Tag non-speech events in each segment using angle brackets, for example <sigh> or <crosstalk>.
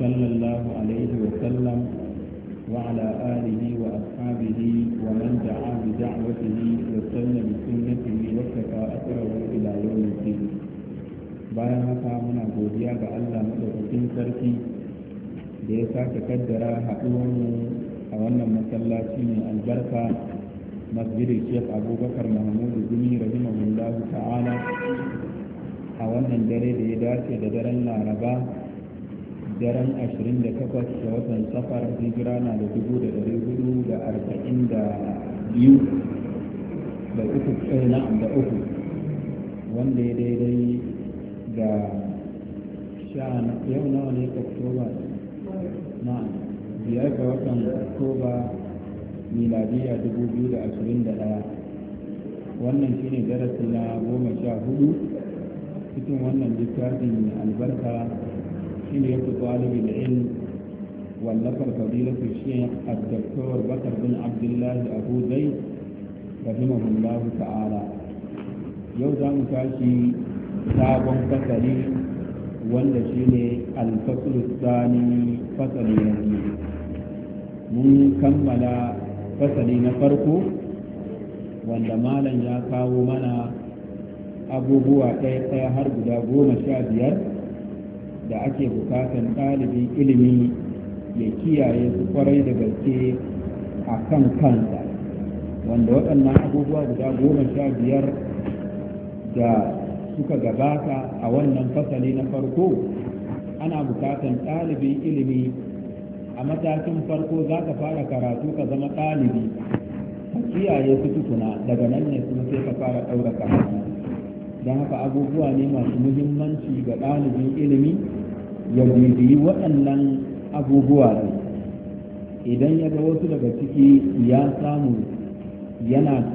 صلى الله عليه وسلم وعلى آله وأصحابه ومن دعا بدعوته وسلم بسنته وكفى أثره إلى يوم الدين bayan haka muna godiya ga Allah madaukakin sarki da ya sake kaddara haɗuwarmu a wannan masallaci mai albarka masjidin Sheikh Abubakar Mahmudu Gumi rahimahullahu ta'ala a wannan dare da ya dace da daren Laraba daren 28 ga watan safar hijira na da 442 da uku eh, na'am da uku wanda ya daidai ga yau nawa ne oktoba na biyar ga watan oktoba miladiya 2021 wannan shine darasi na goma sha hudu cikin wannan littafin albarka سيرية طالب العلم والنفر فضيلة الشيخ الدكتور بكر بن عبد الله أبو زيد رحمه الله تعالى يوزع مكاشي تاب فصلي والذين الفصل الثاني فصل يعني من كمل فصلي نفرقه wanda malam ya kawo mana abubuwa ɗaya ɗaya har guda goma sha biyar da ake bukatan ɗalibin ilimi ya kiyaye su kwarai da gaske a kan kansa wanda waɗannan abubuwa guda goma sha biyar da suka gabata a wannan fasali na farko ana bukatan ɗalibin ilimi a matakin farko za ka fara karatu ka zama ɗalibi ka kiyaye su tukuna daga nan ne kuma sai ka fara ɗaura karatu don haka abubuwa ne masu muhimmanci ga ɗalibin ilimi ya bibiyi waɗannan abubuwa ne idan ya ga wasu daga ciki ya samu yana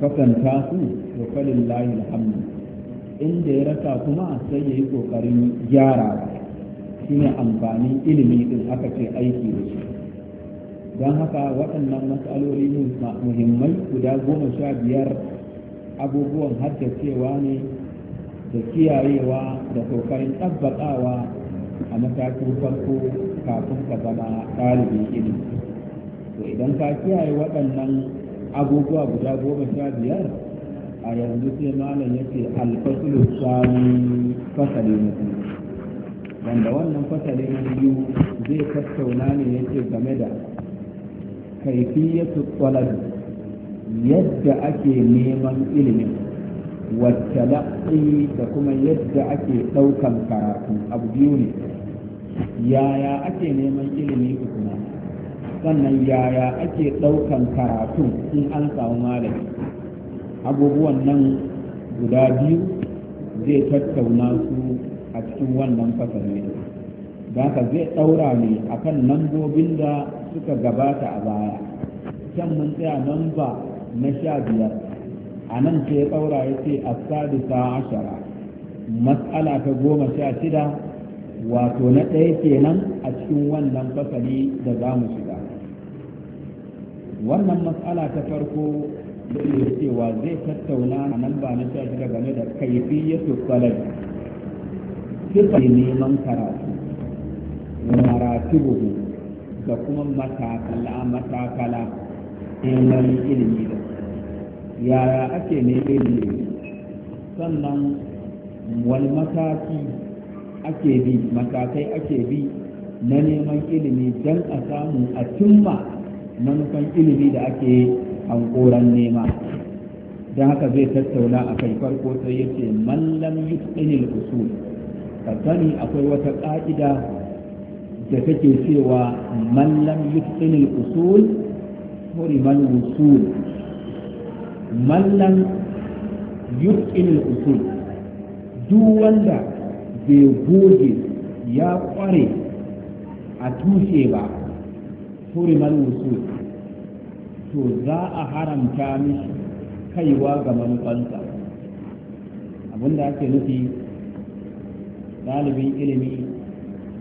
kafanta su da falin layin hannu inda ya rasa kuma sai ya yi ƙoƙarin gyara shi ne amfanin ilimi din aka ce aiki da shi don haka waɗannan matsaloli muhimmai guda goma sha biyar abubuwan cewa ne da kiyayewa da kokarin tabbatawa a matakin farko kafin ka zama ɗalibin ilimi to idan ka kiyaye waɗannan abubuwa guda goma sha biyar a yanzu sai malam ya ce alfasilu sami fasali na biyu wanda wannan fasali na biyu zai tattauna ne yake game da kaifiyatu tsalabi yadda ake neman ilimin wattalaqi da kuma yadda ake ɗaukan karatu abu biyu ne yaya ake neman ilimi kuma sannan yaya ake ɗaukan karatu in an samu malami abubuwan nan guda biyu zai tattauna su a cikin wannan fasali da ka zai ɗaura ne akan lambobin da suka gabata a baya can mun tsaya nan ba na sha biyar a nan sai tsaura ya ce a sadisa ashara matsala ta goma sha shida wato na ɗaya kenan a cikin wannan fasali da za mu shiga wannan matsala ta farko ce cewa zai tattauna a nan ba na sha shida game da kaifiyyatu salati ne neman karatu maratibuhu da kuma matakala matakala ilimi da yaya ake ne ilimi sannan wani mataki ake bi matakai ake bi na neman ilimi don a samu a cimma manufan ilimi da ake hankoran nema don haka zai tattauna a kai farko sai ya ce mallam yutsinil usul ka sani akwai wata ƙa'ida da take cewa mallam yutsinil usul man usul mallan yuqil usul duk wanda bai goge ya kware a tushe ba hurimal usul to za a haramta mishi kaiwa ga manufansa abinda ake nufi ɗalibin ilimi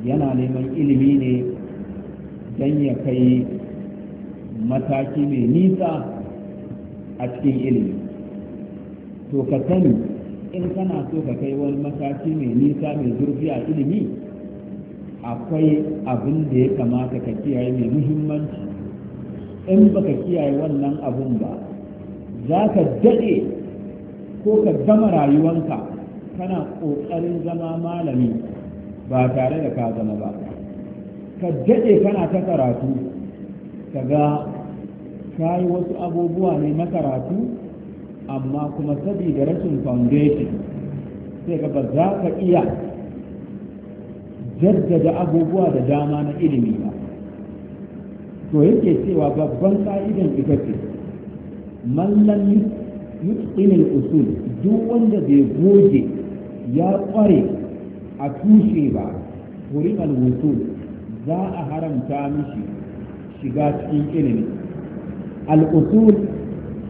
yana neman ilimi ne don ya kai mataki mai nisa a cikin ilimi to ka sani in kana so ka kai wani mataki mai nisa mai zurfi a ilimi akwai abin da ya kamata ka kiyaye mai muhimmanci in baka kiyaye wannan abun ba za ka daɗe ko ka gama rayuwanka kana ƙoƙarin zama malami ba tare da ka zama ba ka daɗe kana ta karatu ka ga Ta yi wasu abubuwa ne makaratu amma kuma saboda rashin foundation sai ka ba za ka iya jaddada abubuwa da dama na ilimi ba to yake cewa babban ka'idan ita ce mallan yutqinil usul duk wanda bai goge ya kware a tushe ba hurimal wusul za a haramta mishi shiga cikin ilimi al'usul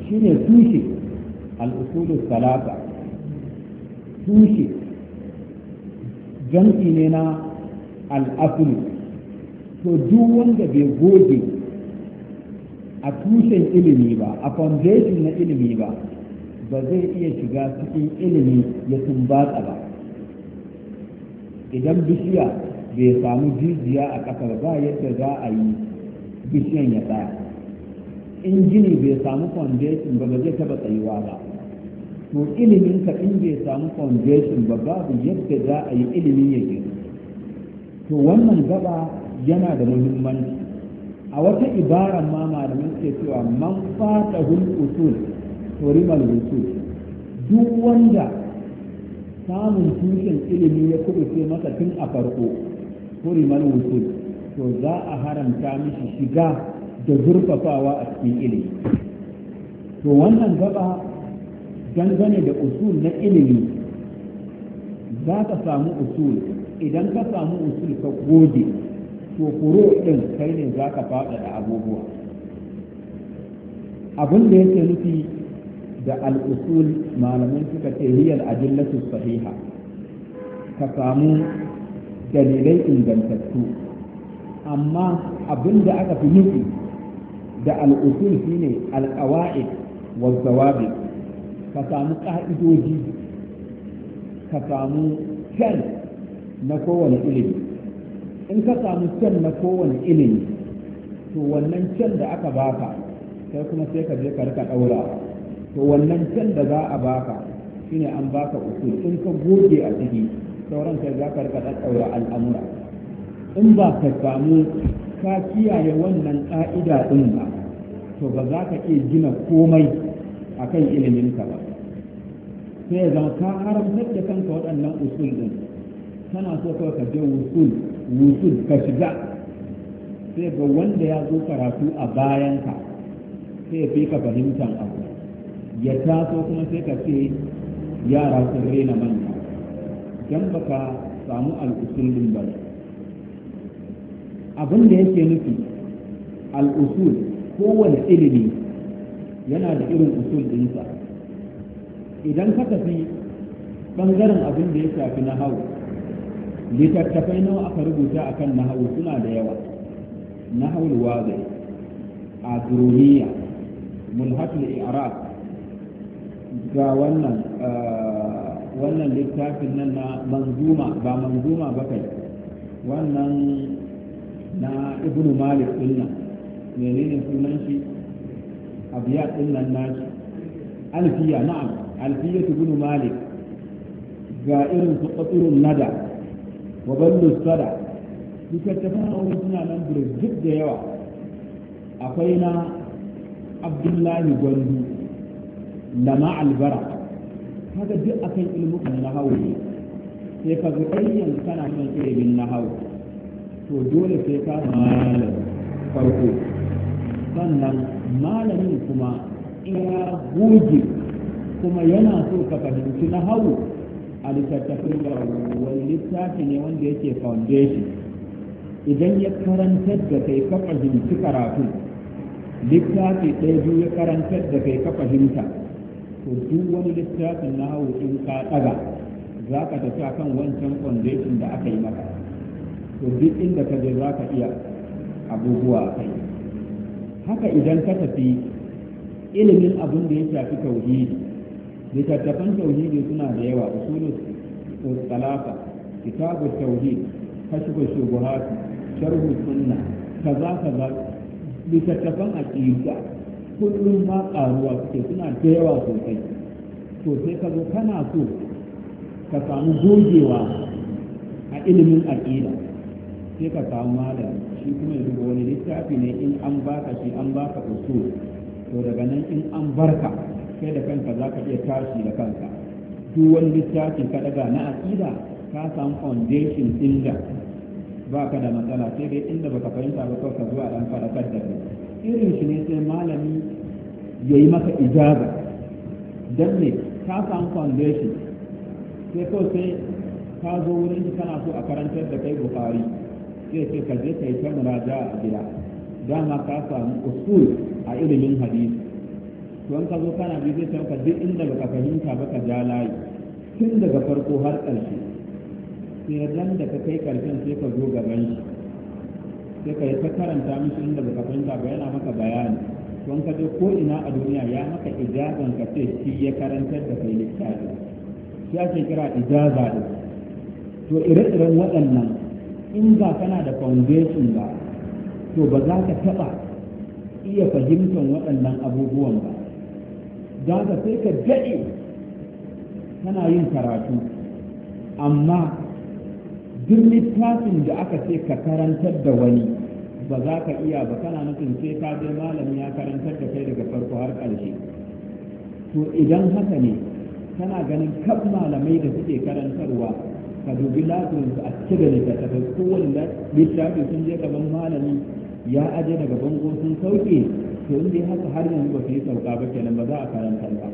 shi ne tushe al'usulun salata tushe jam'i ne na al'afin, to duk wanda bai goge a tushen ilimi ba a foundation na ilimi ba ba zai iya shiga cikin ilimi ya tumbatsa ba idan bishiya bai samu jijiya a ƙasar ba yadda za a yi bishiyan ya tsaya in gini bai samu foundation ba ba zai taba tsayuwa ba to ilimin ka in bai samu foundation ba babu yadda za a yi ilimi ya gina to wannan gaba yana da muhimmanci a wata ibara ma malamin ke cewa man fata hul usul to rimal usul duk wanda samun tushen ilimi ya kubuce masa tun a farko to rimal usul to za a haramta mishi shiga da zurfafawa a cikin ilimi to wannan gaba dangane da usul na ilimi za ka samu usul idan ka samu usul ka gode to kuro ɗin kai ne za ka da abubuwa abin da yake nufi da al'usul malamin suka ce hiyar adillatu sahiha ka samu dalilai ingantattu amma abin da aka fi nufi da al'usul shine alƙawai wa zawabi ka samu ka'idoji ka samu can na kowane ilimi in ka samu can na kowane ilimi to wannan can da aka baka sai kuma sai ka je ka rika ɗaura. to wannan can da za a baka shine an baka usul in ka goge a ciki sauran kai za ka rika ɗaura al'amura in ba ka samu ka kiyaye wannan ƙa'ida ɗin ba to ba za ka iya gina komai akan kan iliminka ba sai ya zama ka haramtar da kanka waɗannan usul ɗin kana so kawai ka je usul usul ka shiga sai ga wanda ya zo karatu a bayanka sai ya fi ka fahimtar abu ya taso kuma sai ka ce yara sun rena manya don baka samu al'usul ɗin ba ne abin da yake nufi al'usul kowane ilimi yana da irin usul ɗinsa idan ka tafi ɓangaren abin da ya shafi na hau littattafai nawa aka rubuta a akan nahawu suna da yawa nahawul wazai agroniya mulhatul i'rab ga wannan eh, wannan littafin nan na manzuma ba manzuma ba kai wannan na ibnu malik din menene sunan shi abiya din nashi alfiya na'am alfiya ibnu malik ga irin su qatirun nada wa ballu sada duka ta fara suna nan duk da yawa akwai na abdullahi gwandu lama albara kaga duk akan ilmukan nahawu sai ka ga ayyan kana son ilimin nahawu to dole sai ka malam farko sannan malamin kuma ya goge kuma yana so ka fahimci na hau a littattafin da wani littafi ne wanda yake foundation idan ya karantar da kai ka fahimci karatu, littafi ɗaya biyu ya karantar da kai ka fahimta to duk wani littafin na hau in ka ɗaga za ka tafi akan wancan foundation da aka yi maka to duk inda ka je za ka iya abubuwa a kai haka idan ka tafi ilimin abin da ya shafi tauhidi littattafan tauhidi suna da yawa usulul salasa kitabut tauhid kashfu shubuhat sharhu sunna kaza kaza littattafan aqida kullum ma karuwa suke suna da yawa sosai to sai ka zo kana so ka samu gogewa a ilimin aqida sai ka samu malam shi kuma yanzu wani littafi ne in an baka shi an baka usul to daga nan in an barka kai da kanka za ka iya tashi da kanka duk wani littafi ka daga na aqida ka samu foundation inda ba ka da matsala sai dai inda baka fahimta ba kawai ka a dan faɗakar da kai irin shi ne sai malami ya yi maka ijaza don ne ka samu foundation sai kawai sai ka zo wurin kana so a karantar da kai bukari sai ce ka je ka yi ta muraja a gida dama ka samu usul a ilimin hadisi to an ka zo kana bi zai ka duk inda baka fahimta ba ka ja layi tun daga farko har ƙarshe sai ran da ka kai ƙarshen sai ka zo gaban shi sai ka yi ta karanta mishi inda baka fahimta ba yana maka bayani don ka je ko ina a duniya ya maka ijazan ka ce shi ya karantar da kai littafi shi ake kira ijaza da to ire-iren waɗannan in ba kana da foundation ba to ba za ka taɓa iya fahimtar waɗannan abubuwan ba za ka sai ka daɗe kana yin karatu amma duk littafin da aka ce ka karantar da wani ba za ka iya ba kana nufin sai ka je malami ya karantar da kai daga farko har ƙarshe to idan haka ne kana ganin kan malamai da suke karantarwa ka dubi lafiyar su a cike da littattafai kowanne littafi sun je gaban malami ya aje daga bango sun sauke to in dai haka har yanzu ba su yi sauka ba kenan ba za a karanta ba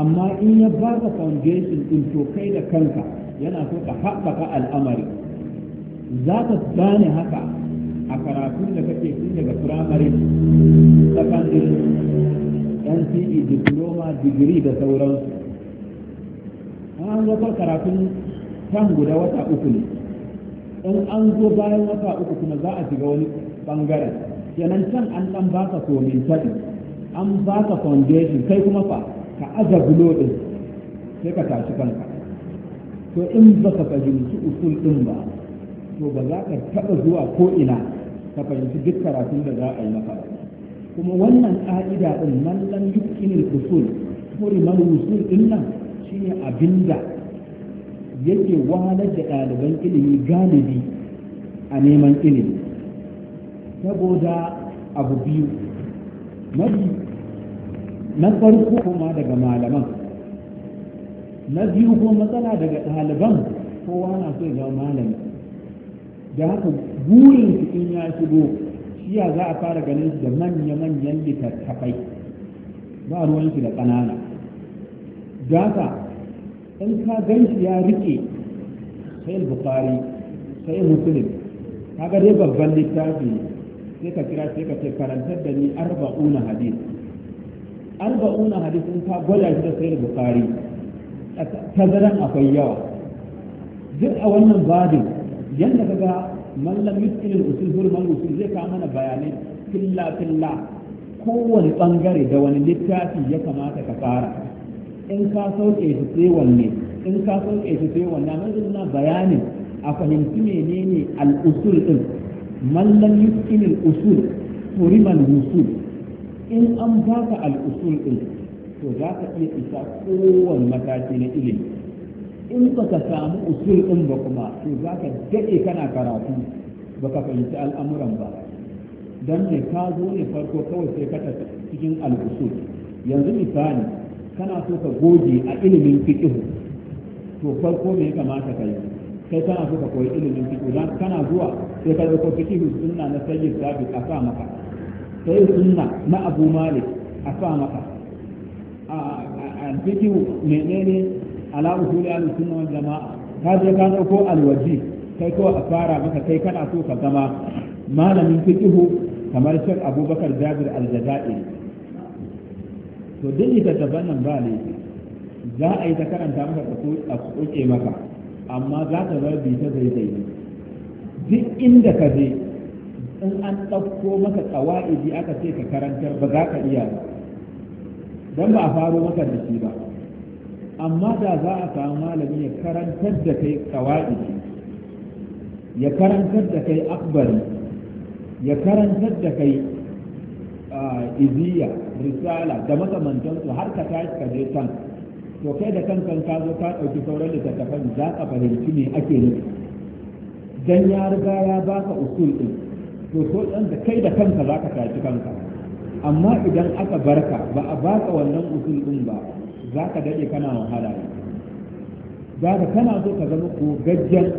amma in ya baka foundation din to kai da kanka yana so ka haɓaka al'amari za ka gane haka a karatun da kake tun daga firamare secondary nce diploma digiri da sauransu an zafar karatun kan guda wata uku ne in an zo bayan wata uku kuma za a shiga wani bangare kenan can an dan baka komin taɗi an baka foundation kai kuma fa ka aza bulo ɗin sai ka tashi kanka to in ba ka fahimci usul ɗin ba to ba za ka taɓa zuwa ko ina ka fahimci duk karatun da za a yi maka kuma wannan ƙa'ida ɗin mallan yukkinin usul kuri man usul ɗin nan shine abinda yake wahalar da ɗaliban ilimi galibi a neman ilimi saboda abu biyu mafi na farko kuma daga malaman na biyu ko matsala daga ɗaliban kowa na so ya zama malami da haka burin su in ya shigo shiya za a fara ganin su da manya-manyan littattafai ba ruwan shi da ƙanana da haka in ka gan shi ya rike sai bukari sai Ka ga dai babban littafi sai ka kira sai ka ce karantar da ni arba'una hadis arba'una hadis in ka gwada shi da sai bukari tazaran akwai yawa duk a wannan babin yadda kaga mallam yuskil usul hurmal usul zai kawo mana bayanai filla filla kowane bangare da wani littafi ya kamata ka fara in ka sauke shi sai wanne in ka sauke shi sai wanne amma zai na bayanin a fahimci menene al-usul din mallan yuskin al-usul turima usul in an baka al-usul din to za ka iya isa kowane mataki na ilimi in ba ka samu usul din ba kuma to za ka daɗe kana karatu ba ka fahimci al'amuran ba don ne ka zo ne farko kawai sai ka cikin al-usul yanzu misali kana so ka goge a ilimin fiqh to farko me ya kamata ka yi kai kana so ka koyi ilimin fiqh dan kana zuwa sai ka dauko fiqh sunna na sayyid zabi a sa maka sai sunna na abu malik a sa maka a fiqh menene ala usuli al sunna wal jamaa ka je ka dauko alwaji kai kawai a fara maka kai kana so ka zama malamin fiqh kamar Sheikh Abubakar Jabir Al-Jazairi to duk ta bannan ba laifi za a yi ta karanta maka a kuke maka amma za ta bar bi ta daidai duk inda ka je in an ɗauko maka ƙawa'idi aka ce ka karantar ba za ka iya ba don ba a faro maka da shi ba amma da za a samu malami ya karantar da kai ƙawa'idi ya karantar da kai akbari ya karantar da kai iziya risala da makamantansu har ka tashi ka je can to kai da kankan ka zo ka ɗauki sauran littattafan za ka fahimci me ake nufi dan ya riga ya baka usul din to so dan da kai da kanka za ka tashi kanka amma idan aka barka ba a baka wannan usul din ba za ka daɗe kana wahala za ka kana so ka zama ko gajjen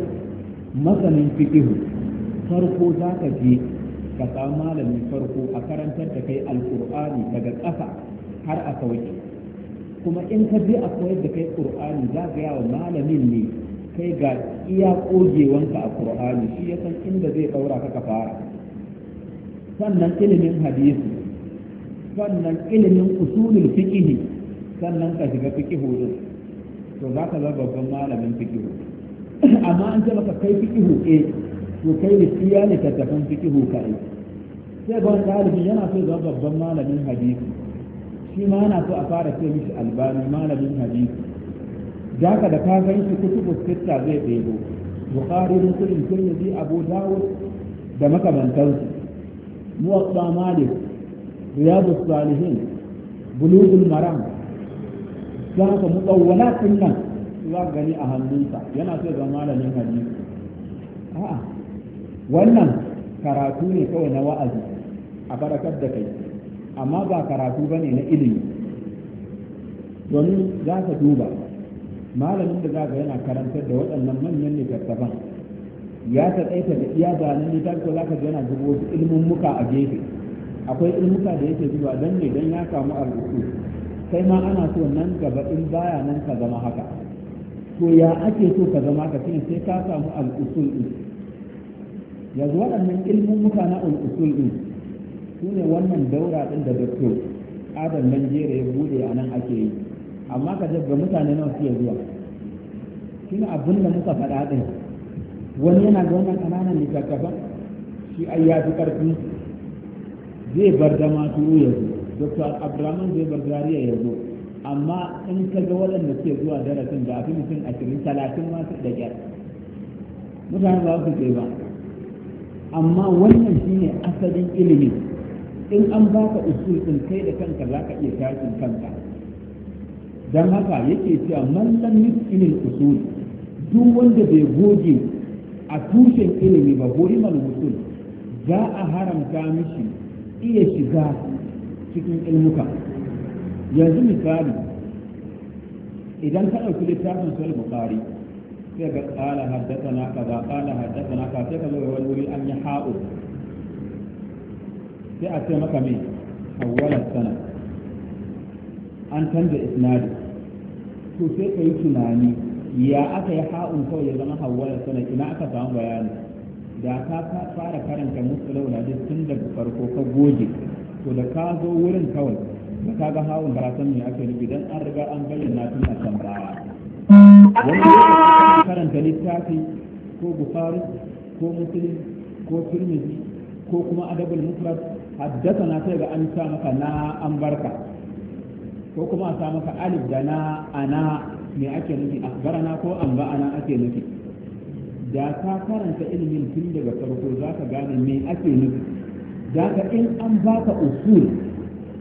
masanin fiƙihu farko za ka je ka samu malamin farko a karantar da kai alkur'ani daga ƙasa har a sauke kuma in ka je a koyar da kai qur'ani za ga yawa malamin ne kai ga iya kogewanka a qur'ani shi ya san inda zai daura ka fara sannan ilimin hadisi sannan ilimin usulul fiqh sannan ka shiga fiqh din to za ka zama babban malamin fiqh amma an ce maka kai fikihu eh to kai lissiya ne tattafan fikihu kai sai ban ɗalibi yana so zama babban malamin hadisi shi ma yana so a fara ce mishi albani malamin hadisi da ka da ka gan shi kutubu sitta zai ɗebo bukhari muslim tirmidhi abu dawo da makamantansu muwatta malik riyadu salihin bulugul maram za ka mutawwala nan za ka gani a hannunsa yana so zama malamin hadisi a'a wannan karatu ne kawai na wa'azi a barakar da kai amma ba karatu ba ne na ilimi domin za ka duba malamin da za ka yana karantar da waɗannan manyan littattafan ya ta tsaita da iya zanen littafi ko za ka yana zubo wasu ilimin muka a gefe akwai ilmuka da yake zuwa don ne don ya samu arziki sai ma ana so nan gaba in baya nan ka zama haka to ya ake so ka zama ka sai ka samu al'usul yanzu waɗannan ilmin muka na usul din su ne wannan daura ɗin da doktor adam nan jere ya bude a nan ake yi amma ka ga mutane nawa suke zuwa shine abin da muka faɗa ɗin wani yana ga wannan ƙananan littattafan shi ai ya fi ƙarfi zai bar dama maturu ya zo dr abdulrahman zai bar zariya ya zo amma in ka ga waɗanda suke zuwa darasin da a fi mutum ashirin talatin masu da mutane ba su ce ba amma wannan shine asalin ilimi in an baka usul din kai da kanka za ka iya tashin kanka don haka yake cewa mallan nufinin usul duk wanda bai goge a tushen ilimi ba hurimal usul za a haramta mishi iya shiga cikin ilmuka yanzu misali idan ka ɗauki littafin sulhu bukhari sai ga ka za kala haddasa na ka sai ka zo wani wuri an yi ha'u sai a ce maka mai awwalas sana an canza isnadi to sai ka yi tunani ya aka yi ha'un kawai ya zama hawwalar sana ina aka samu bayani da ka fara karanta musulau na duk tun daga farko ka goge to da ka zo wurin kawai da ka ga ha'un ba san me ake nufi dan an riga an bayyana tun a can baya wani karanta littafi ko bukari ko Musulmi ko tirmidhi ko kuma adabul mufrad na sai ga an sa maka na an barka ko kuma a sa maka alif da na ana me ake nufi akbarana ko an ba'ana ake nufi da ka karanta ilimin tun daga farko za ka gane me ake nufi da ka in an baka usul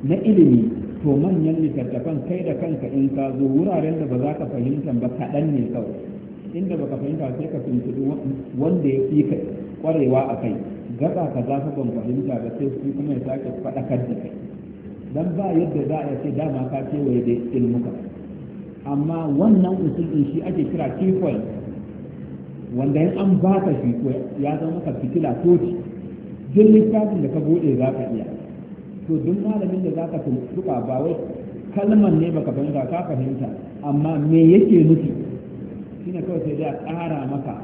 na ilimi to manyan littattafan kai da kanka in ka zo wuraren da ba za ka fahimta ba kaɗan ne kawai inda baka fahimta sai ka tuntuɓi wanda ya fi kwarewa a kai gaba ka za ka ban fahimta ba sai su kuma ya sake faɗakar da kai dan ba yadda za a yi ce dama ka kewaye da ilmuka amma wannan usul din shi ake kira kifoyi wanda in an baka shi ya zama ka fitila toci duk littafin da ka bude za ka iya to duk malamin da zaka tuntuɓa ba wai kalman ne baka fahimta ka fahimta amma me yake nufi shine kawai sai da ƙara maka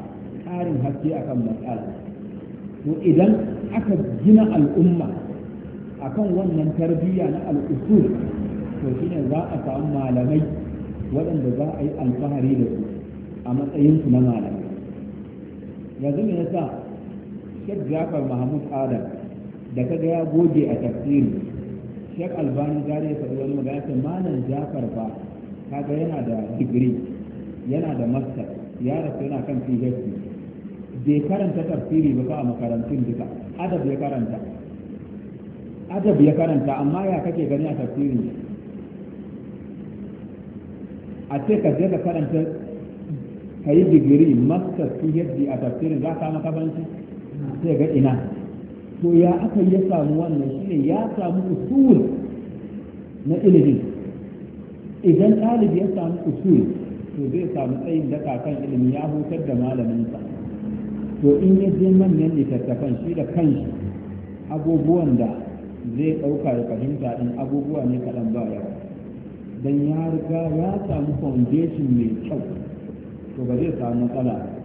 ƙarin haske akan matsala to idan aka gina al'umma akan wannan tarbiyya na al'usul to shine za a samu malamai waɗanda za a yi alfahari da su a matsayinsu na malamai yanzu me yasa Sheikh Jafar Mahmud Adam da kaga ya goge a tafsiri shek albani gare ya wani magana ce malam jafar fa kaga yana da digiri yana da master ya rasu yana kan phd bai karanta tafsiri ba a makarantun duka adab ya karanta adab ya karanta amma ya kake gani a tafsirin a ce ka je ka karanta ka yi digiri master phd a tafsirin za ka maka banci sai ga ina to ya aka ya samu wannan shine ya samu usul na ilimi idan ɗalibi ya samu usul to zai samu tsayin daka kan ilimi ya hutar da malaminsa to in ya je manyan littattafan shi da kanshi abubuwan da zai ɗauka ya fahimta ɗin abubuwa ne kaɗan ba yawa don ya riga ya samu foundation mai kyau to ba zai samu matsala ba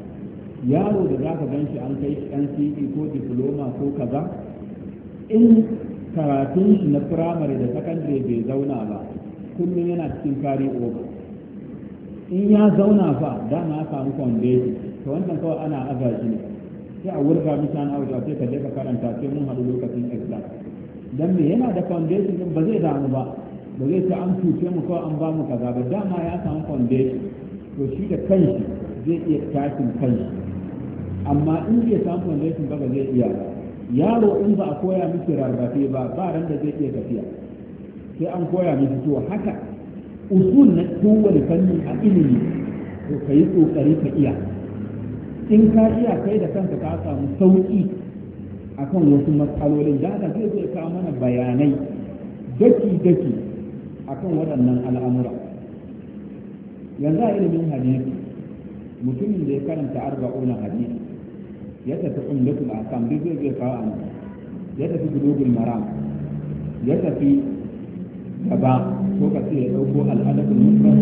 yaro da za ka gan shi an kai NCE ko diploma ko kaza in karatun shi na firamare da sakandare bai zauna ba kullum yana cikin kari over in ya zauna ba dama ya samu foundation to wannan kawai ana aza shi ne sai a wurga mishan auta sai ka je ka karanta sai mun haɗu lokacin exam dan me yana da foundation din ba zai damu ba ba zai ta an cuce mu kawai an ba mu kaza ba dama ya samu foundation to shi da kanshi zai iya tashin kanshi amma in zai samu wanda ba ba zai iya ba yaro in ba a koya miki rarrafe ba ba ran da zai iya tafiya sai an koya miki to haka usul na kowane fanni a ilimi to ka yi kokari ka iya in ka iya kai da kanka ka samu sauki akan wasu matsalolin da haka zai zai kawo mana bayanai daki-daki akan waɗannan al'amura yanzu a ilimin hadisi mutumin da ya karanta arba'una hadisi ya tafi umdatul ahkam duk zai zai kawo anan ya tafi gudugul maram ya tafi gaba ko ka ce ya dauko al'adabul mufrad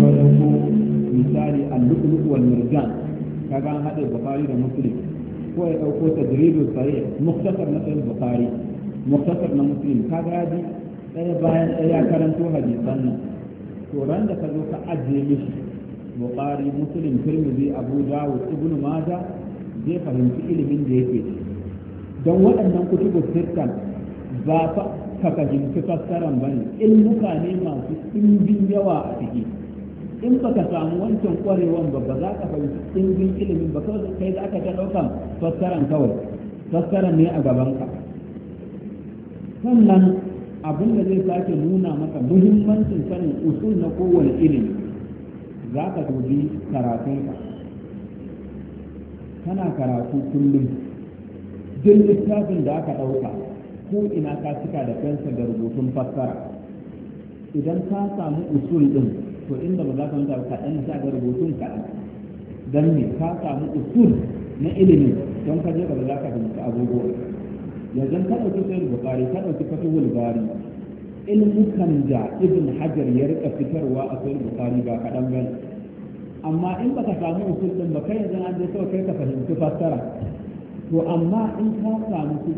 ko dauko misali al-lu'lu' wal marjan kaga an hade bukhari da muslim ko ya dauko tadribu sahih mukhtasar na sahih bukhari mukhtasar na muslim kaga ya ji ɗaya bayan ɗaya karanto hadisan nan to ran da ka zo ka ajiye mishi bukhari muslim tirmidhi abu dawud ibnu majah zai fahimci ilimin da yake da don waɗannan kutubu sirkan ba fa ka fahimci fassaran ba ne ilmuka ne masu ɗimbin yawa a ciki in ba ka samu wancan ƙwarewan ba ba za ka fahimci ɗimbin ilimin ba kawai kai za ka ta ɗaukan kawai fassaran ne a gabanka sannan abin da zai sake nuna maka muhimmancin sanin usul na kowane ilimi za ka dubi karatunka kana karatu kullum duk littafin da aka ɗauka ko ina ka cika da fensa da rubutun fassara idan ka samu usul din, to inda ba za ka manta kaɗan sa da rubutun kaɗan don ne ka samu usul na ilimi don ka je ba za ka fahimci abubuwa yanzu ka ɗauki sayar bukari ka ɗauki fatuhul bari ilmukan da ibn hajar ya rika fitarwa a sayar bukari ba kaɗan bane amma in baka samu usul din ba kai yanzu an je kawai kai ka fahimci fassara to amma in ka samu su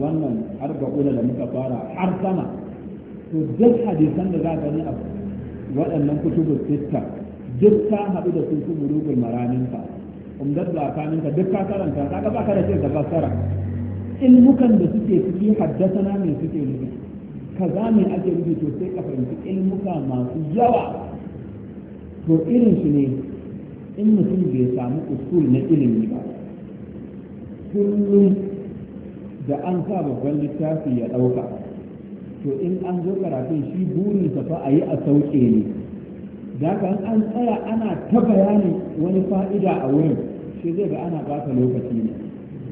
wannan arba'una da muka fara har sama to duk hadisan da za ka gani a waɗannan kutubul sitta duk ka haɗu da su su murugun maraminka umdar da akaninka duk ka karanta ka baka da ce da fassara in mukan da suke haddasa na me suke nufi kaza ne ake nufi to sai ka fahimci ilmuka masu yawa to irin su ne in mutum bai samu usul na ilimi ba kullum da an sa babban littafi ya ɗauka to in an zo karatun shi burinsa fa a yi a sauke ne da kan an tsaya ana ta bayanin wani fa'ida a wurin shi zai ga ana baka lokaci ne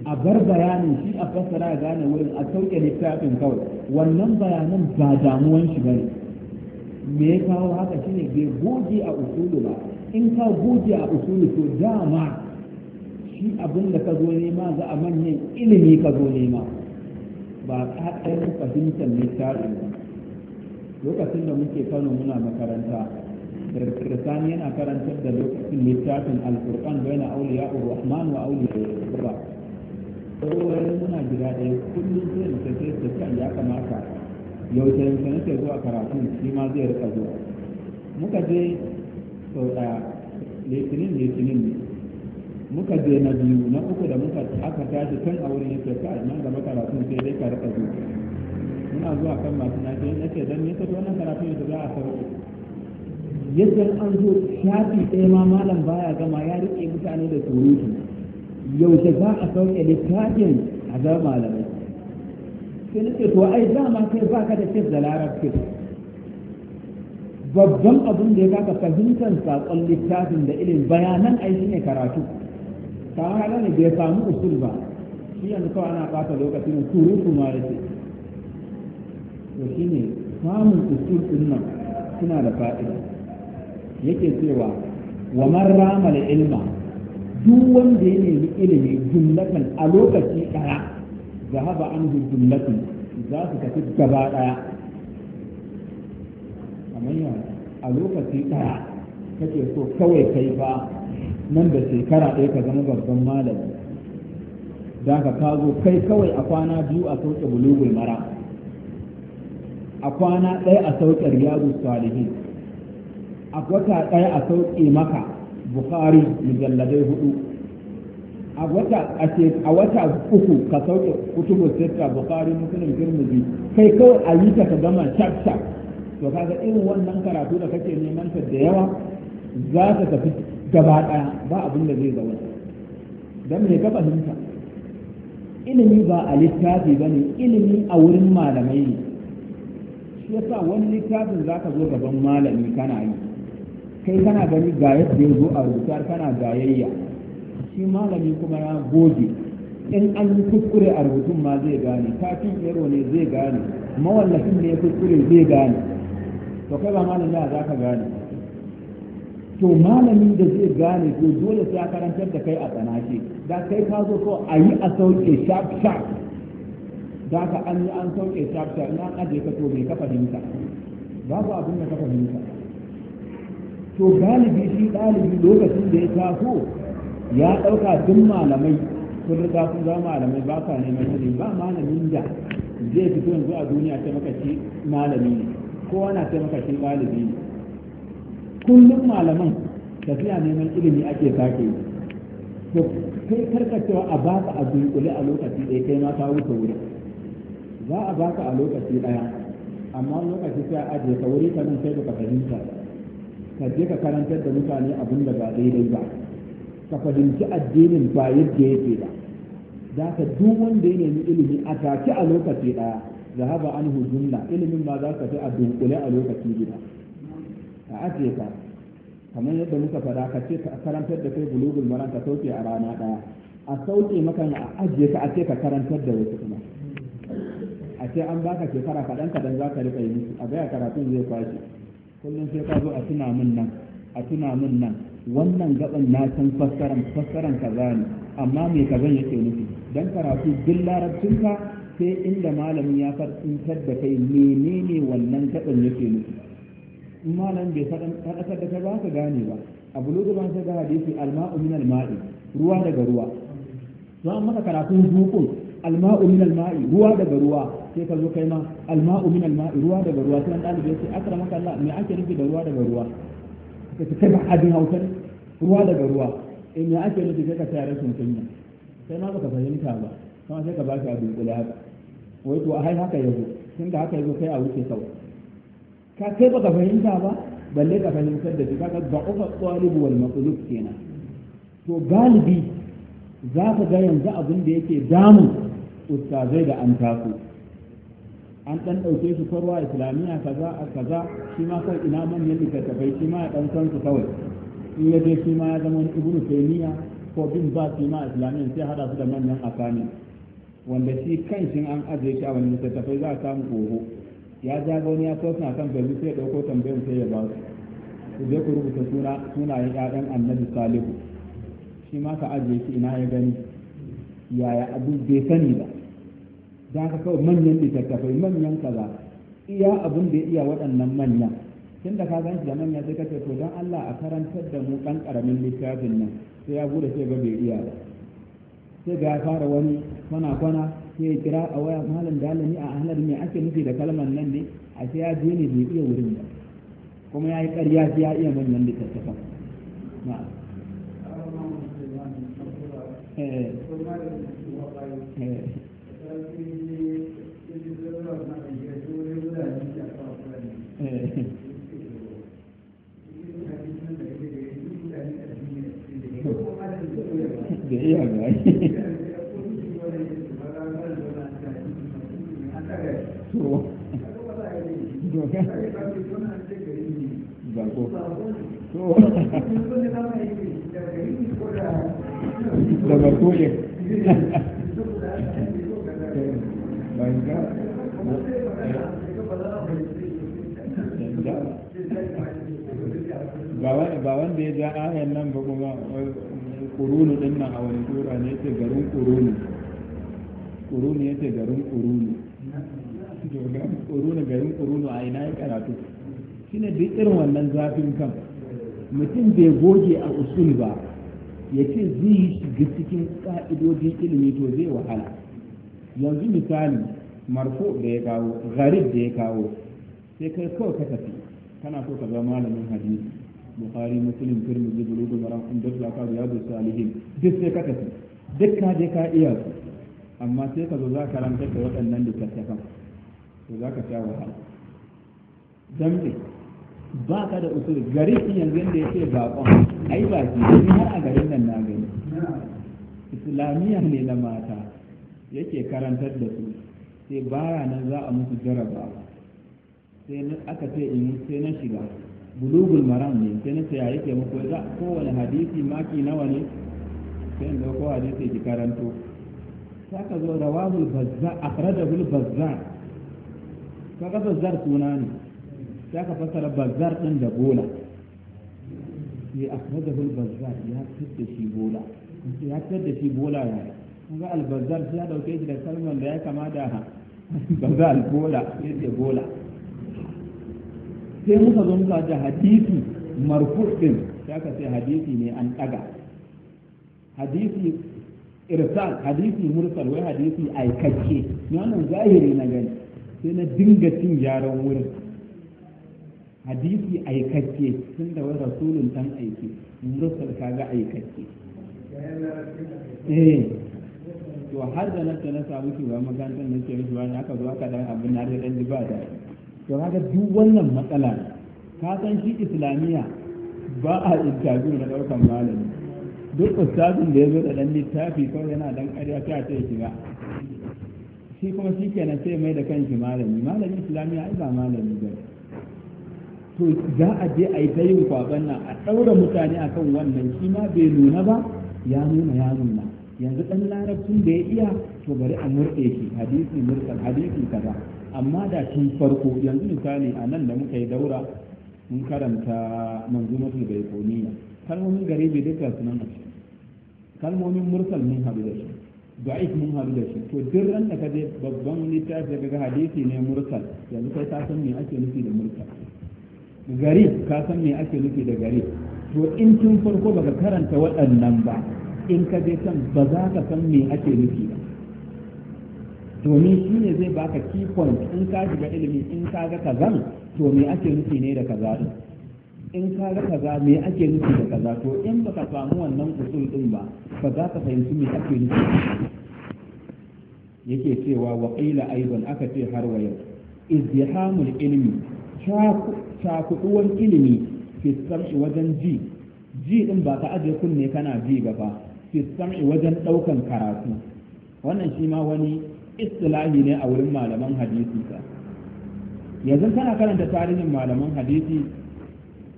a bar bayanin shi a fassara gane wurin a sauke littafin kawai wannan bayanan ba damuwan shi bane me ya kawo haka shine bai goge a usulu ba in ka goge a usulu to dama shi abin da ka zo nema za a manyan ilimi ka zo nema ba ƙaƙarin fahimtar littafin ba lokacin da muke kano muna makaranta kirkirsan yana karantar da lokacin littafin alkur'an bai na auliya rahman wa auliya ba muna gida ɗaya kullum sai da sai ta ya kamata yaushe yaushe nake zuwa karatun shi ma zai rika zuwa muka je sau ɗaya litinin litinin ne muka je na biyu na uku da muka aka tashi kan a wurin yake ka nan gaba karatun sai dai ka rika zuwa muna zuwa kan masu na ce nake dan nisa da wannan karatun yadda za a sauke yadda an zo shafi ɗaya ma malam baya gama ya riƙe mutane da surutu yaushe za a sauke littafin a zama malamai sai na ce to ai dama kai ba ka da kes da larabci babban abin da ya baka fahimtar saƙon littafin da irin bayanan ai ne karatu ta hala ne bai samu usul ba shi yanzu kawai ana ɓata lokaci ne surutu ma da ce to shi ne samun usul ɗin nan suna da fa'ida yake cewa wa man ramal ilma duk wanda ya nemi ilimi jumlatan a lokaci ɗaya Da zahaba anhu jumlatu za su tafi gaba daya kamar yana a lokaci daya kake so kawai kai fa nan da shekara ɗaya ka zama babban malami da ka kazo kai kawai a kwana biyu a sauke bulugul mara a kwana ɗaya a saukar riyadu salihin a wata ɗaya a sauke maka Buhari mujalladai hudu a wata uku ka sauke kutubu sita bukari musulun kai kawai a yi ta ka gama shaf to kaga irin wannan karatu da kake neman ta da yawa za ta tafi gaba daya ba abin da zai zauna dan me ka fahimta ilimi ba a littafi ba ne, ilimi a wurin malamai ne shi yasa wani littafin za ka zo gaban malami kana yi kai kana gani ga yadda ya zo a rubutar kana gayayya shi malami kuma ya goge in an yi kuskure a rubutun ma zai gane kafin ero ne zai gane mawallafin ne ya kuskure zai gane to kai ba malami ya za ka gane to malami da zai gane to dole sai ya karantar da kai a tsanake da kai ka zo ko a yi a sauke sharp sharp da ka an yi an sauke sharp sharp na ajiye ka to me ka fahimta babu abin da ka fahimta to galibi shi galibi lokacin da ya taso ya ɗauka duk malamai sun riga sun zama malamai ba ka neman ilimi ba malamin da zai fito yanzu a duniya ta makashi malami ne kowa na ta makashi ɗalibi ne kullum malaman tafiya neman ilimi ake sake yi to kai karkacewa a baka a dunkule a lokaci ɗaya kai ma ka wuce wuri za a baka a lokaci ɗaya amma lokaci sai a ajiye ka wuri ka nan sai ka fahimta ka je ka karantar da mutane abin da ba daidai ba ka fahimci addinin ba yadda yake ba da ka duk wanda ya nemi ilimi a take a lokaci ɗaya zahaba an hujumna ilimin ma za ka fi a dunkule a lokaci gida a ajiye ka kamar yadda muka faɗa ka ce ka karantar da kai bulugul maran ka sauke a rana ɗaya a sauke maka a ajiye ka a ce ka karantar da wasu kuma a ce an baka shekara kaɗan kaɗan za ka riƙa yi a gaya karatun zai kwashe kullum sai ka zo a tuna min nan a tuna min nan wannan gaban na san fassaran fassaran kaza ne amma me kaza yake nufi dan karatu duk larabcinka sai inda malamin ya fassar da kai menene wannan gaban yake nufi malam bai faɗaɗar da kai ba ka gane ba a bulugu ban sai ga hadisi alma'u min alma'i ruwa daga ruwa to an ka karatun hukun alma'u min alma'i ruwa daga ruwa sai ka zo kai ma alma'u min alma'i ruwa daga ruwa sai ɗalibi ya sai akramaka Allah me ake nufi da ruwa daga ruwa kai ba abin hausa ne ruwa daga ruwa in ya ake nufi sai ka tsaya rashin kunya sai ma baka fahimta ba kuma sai ka ba shi a dunkule haka wai to ai haka yazo tun da haka yazo kai a wuce sau. ka kai baka fahimta ba balle ka fahimtar da shi kaga ba ufa talibu wal maqlub kenan to galibi za ka ga yanzu abin da yake damun ustazai da an taso an ɗan ɗauke shi farwa islamiyya kaza a kaza shi ma kai ina manyan littattafai shi ma ya ɗan san su kawai in ya je shi ma ya zama ibnu taymiya ko bin ba shi ma islamiyya sai hada su da manyan akani wanda shi kanshin an ajiye shi a wani littattafai za a samu koho ya ja wani ya so suna kan bari sai ya dauko tambayar sai ya ba su su je ku rubuta suna sunayen ƴaƴan annabi salihu shi ma ka ajiye shi ina ya gani yaya abu bai sani ba za ka kawai manyan littattafai manyan kaza iya abin da ya iya waɗannan manyan tun da ka gan shi da manya sai kace to dan Allah a karantar da mu dan karamin littafin nan sai ya bude sai ga bai iya ba sai ga fara wani kwana kwana sai kira a waya malam dalami a ahlar me ake nufi da kalmar nan ne a sai ya je ne bai iya wurin ba kuma ya yi ƙarya sai ya iya manyan littattafan iya ga Bako. Da Ba wanda ya ja ayan nan ba kuma ƙurunu ɗin nan a wani tura ne yace garin ƙurunu ƙurunu yace garin ƙurunu ƙurunu garin ƙurunu a ina ya karatu ne duk irin wannan zafin kan mutum bai goge a usul ba ya ce zai yi shiga cikin ƙa'idodin ilimi to zai wahala yanzu misali marfo da ya kawo garib da ya kawo sai kai kawai ka tafi kana so ka zama malamin hadisi bukhari muslim tirmidhi bulugul maram ka ya riyadus salihin duk sai ka tafi duk ka je ka iya su amma sai ka zo za ka rantar da waɗannan littattafan to za ka sha wahala dambe ba ka da usul gari yanzu yadda ya ce baƙon ai ba shi ni har a garin nan na gani islamiyya ne na mata yake karantar da su sai baya nan za a musu jarabawa sai aka ce in sai na shiga bulugul maram ne sai na ce yake muku za kowane hadisi maki nawa ne sai da ko hadisi ki karanto ka zo rawahul bazza akhrajahul bazza ga bazzar suna ne ka fasara bazzar din da bola sai akhrajahul bazza ya fitta shi bola ya fitta shi bola ya kaga al bazzar sai ya kai shi da kalmar da ya kama da bazzar bola yake bola sai muka zo muka ji hadisi marfu din sai aka sai hadisi ne an daga hadisi irsal hadisi mursal wai hadisi aikakke ni wannan zahiri na gani sai na dinga cin yaran wuri. hadisi aikakke tun da wai rasulun dan aiki mursal kaga aikakke eh to har da nan ta na samu shugaban makarantar na ce mishi wani aka zo aka dan abin na da dan ba da to kaga duk wannan matsala ka san shi islamiyya ba a interview na daukan malami duk ustazin da ya zo da dan littafi kawai yana dan ƙarya sai a ce shiga shi kuma shi kenan sai mai da kanshi malami malami islamiyya ai ba malami ba to za a je a yi ta yin kwaban nan a ɗaura mutane a kan wannan shi ma bai nuna ba ya nuna ya nuna yanzu ɗan larabcin da ya iya to bari a murɗe shi hadisi murɗe hadisi kaza amma da tun farko yanzu misali a nan da muka yi daura mun karanta manzumatul baikoniya kalmomin bai duka su nan a ciki kalmomin mursal mun haɗu da shi da'if mun haɗu da shi to duk ran da ka je babban littafi da ga hadisi ne mursal yanzu kai ka san me ake nufi da mursal gari ka san me ake nufi da gari to in tun farko baka karanta waɗannan ba in ka je san ba za ka san me ake nufi ba domin shi ne zai baka key point in ka shiga ilimi in ka ga kaza to me ake nufi ne da kaza din in ka ga kaza me ake nufi da kaza to in baka samu wannan usul din ba ba za ka fahimci me ake nufi yake cewa wa qila aidan aka ce har wa yau izdihamul ilmi cakuduwan ilimi fi sam'i wajen ji ji din ba ta aje kunne kana ji ba fi sam'i wajen daukan karatu wannan shi ma wani istilahi ne a wurin malaman hadisi ka yanzu kana karanta tarihin malaman hadisi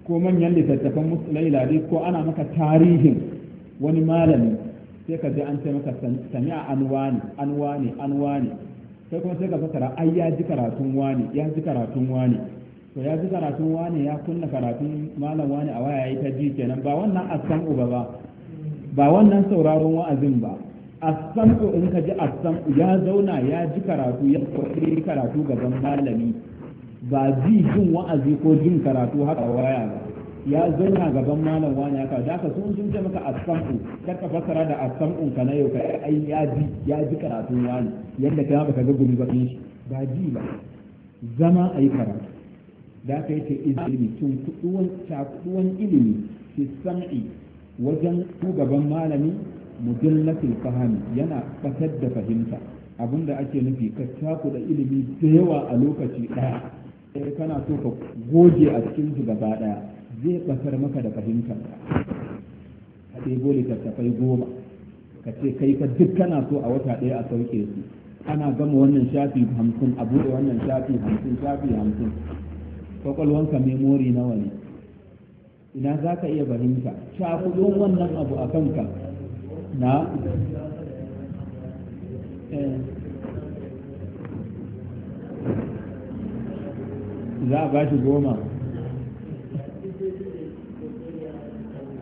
ko manyan littattafan musulai hadis ko ana maka tarihin wani malami sai ka ji an ce maka sami a anwani anwani anwani sai kuma sai ka fasara ai ya ji karatun wani ya ji karatun wani to ya ji karatun wani ya kunna karatun malam wani a waya ya yi ta ji kenan ba wannan asan uba ba ba wannan sauraron wa'azin ba asam'u in ka ji asam'u ya zauna ya ji karatu ya kwaɗi karatu gaban malami ba ji jin wa'azi ko jin karatu haka waya ba ya zauna gaban malam wani haka da aka sun sun ce maka asam'u ta ka fasara da asam'u ka na yau ka ai ya ji ya ji karatu wani yadda ka ka ga guri ba shi ba ji ba zama a yi karatu da yi yace ilimi tun kuɗuwan ilimi su san'i wajen gaban malami mujallatul fahami yana batar da fahimta abinda ake nufi ka da ilimi da yawa a lokaci ɗaya sai eh, kana so ka goge a cikin su gaba ɗaya zai fatar maka da fahimta ka ɗebo tafai goma ka ce kai ka duk kana so a wata daya a sauke su ana gama wannan shafi hamsin a buɗe wannan shafi hamsin shafi hamsin kwakwalwanka memori nawa ne ina za ka iya fahimta cakuɗin wannan abu a kanka na eh. za a bashi shi goma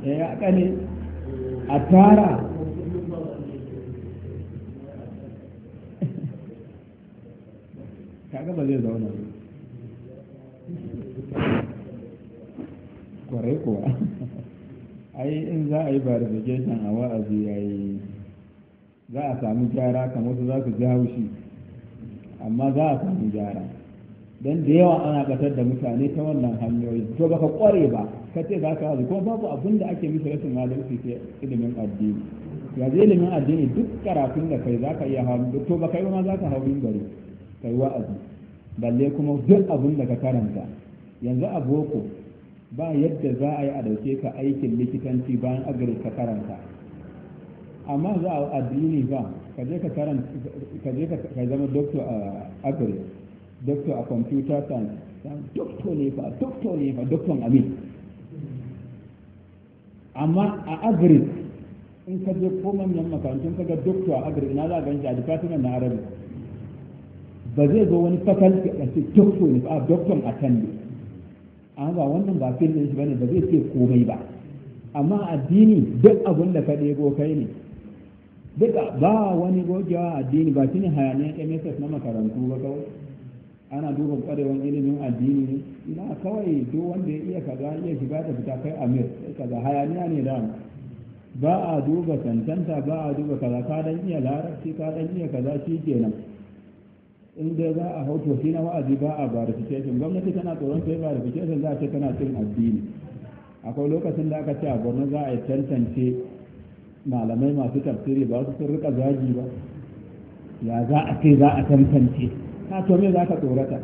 ya eh, aka a tara Ka ba zai zauna kwarai kuwa ai in za a yi verification a wa'azi yi za a sami gyara kamar su za su ja haushi amma za a sami gyara don da yawa ana batar da mutane ta wannan hanyoyi to baka kware ba ka ce za ka kuma babu abin da ake musu rashin adalci ke ilimin addini ya zai ilimin addini duk karatun da kai za ka iya da to ba kai ma za ka hau bari kai wa'azi balle kuma duk abin da ka karanta yanzu a boko ba yadda za a yi a dauke ka aikin likitanci bayan agari ka karanta amma za a addini ba ka je ka karanta zama doktor a agari doktor a computer science doktor ne fa doktor ne fa doktor amin amma a agri in ka je ko manyan makarantun ka ga doktor a agri na za a ganci a department na arabi ba zai zo wani faculty a ce doktor ne fa doktor a kan ne an ba wannan ba fil din shi bane ba zai ce komai ba amma addini duk abin da ka ɗebo kai ne duk ba wani gogewa addini ba shine hayaniyar MSF na makarantu ba kawai ana duba kwarewan ilimin addini ne ina kawai duk wanda ya iya kaza iya shiga da fita kai amir kaza hayaniya ne da ba a duba cancanta ba a duba kaza ka dan iya larabci ka dan iya kaza shi kenan in dai za a hau toshi na wa'azi ba a verification gwamnati tana tsoron sai verification za a ce tana cin addini akwai lokacin da aka ce a gwamnati za a yi tantance malamai masu tafsiri ba su sun rika zagi ba ya za a ce za a tantance ka to me za ka tsorata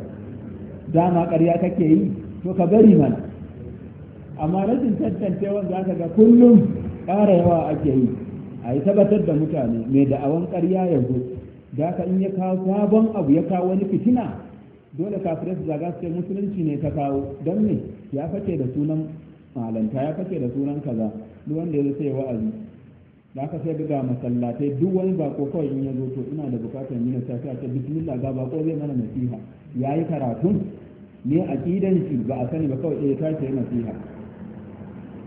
dama ƙarya kake yi to ka bari mana amma rashin tantancewan za ka ga kullum ƙara yawa ake yi a yi tabbatar da mutane mai da'awan ƙarya yanzu da ka in ya kawo sabon abu ya kawo wani fitina dole kafirai su zaga su musulunci ne ta kawo don me ya fake da sunan malanta ya fake da sunan kaza duk wanda ya sai wa'azi da aka sai ga masallatai duk wani bako kawai in ya zo to ina da bukatar yi ta safi a ce bismillah ga bako zai mana nasiha ya yi karatun ne a kidan ba a sani ba kawai ɗaya tashi yi nasiha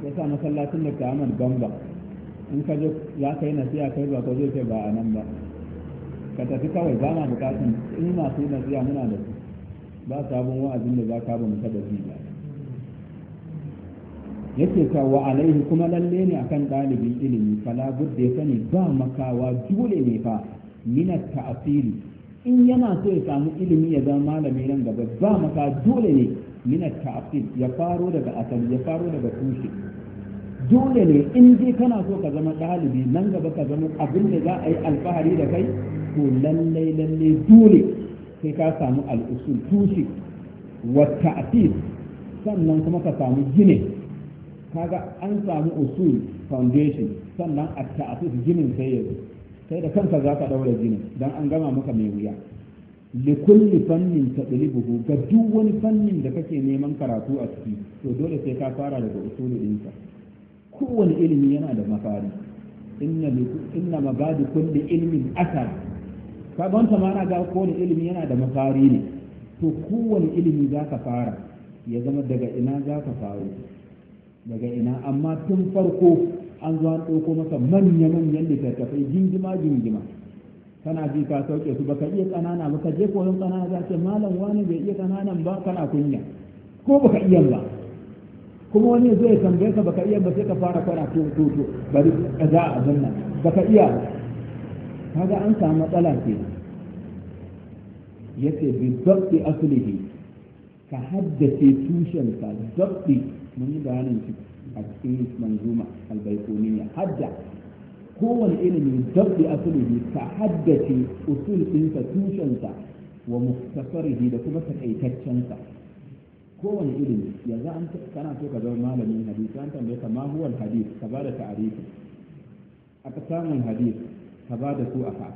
ya sa masallacin da ta amal gamba in ka je za ka yi nasiha kai bako zai ce ba a nan ba ka tafi kawai ba na bukatun in masu na nasiya muna da su ba sabon wa'azin da za ka ba mu taba ji ba yake ka wa alaihi kuma lalle ne akan ɗalibin ilimi fala budda ya sani ba makawa dole ne fa minat ta'asiri in yana so ya samu ilimi ya zama malami nan gaba ba maka dole ne minat ta'asir ya faro daga asali ya faro daga tushe dole ne in dai kana so ka zama ɗalibi nan gaba ka zama abin da za a yi alfahari da kai to lallai lallai dole sai ka samu al'usul tushe wata atis sannan kuma ka samu gine kaga an samu usul foundation sannan a ta'asis ginin sai yanzu sai da kanka za ka daura ginin don an gama maka mai wuya likulli fannin ta buhu ga duk wani fannin da kake neman karatu a ciki to dole sai ka fara daga usulu ɗinka kowane ilimi yana da mafari inna mabadi kulli ilmin asar kaga wanta ma ana ga kowane ilimi yana da mafari ne to kowane ilimi za ka fara ya zama daga ina za ka faru daga ina amma tun farko an zo an ɗauko masa manya-manyan littattafai jingima-jingima kana ji ka sauke su baka iya ƙanana ba ka je koyon ƙanana. za ce malam wani bai iya ƙananan ba kana kunya ko baka iya ba kuma wani zai tambaye ka baka iya ba sai ka fara kwana to to to bari ka za a zanna baka iya kaga an samu matsala ya ce bi dabbi aslihi ka haddace tushen ka dabbi mun yi bayanin shi a cikin manzuma albaikoniya hadda kowane ilimi dabbi aslihi ka haddace usul ɗinsa tushensa wa muktasarihi da kuma takaitaccensa kowane ilimi yanzu an kana so ka zama malamin hadisi an tambaye ka ma huwa hadis ka da ta'arifi aka samun hadisi. ka ba da su a ka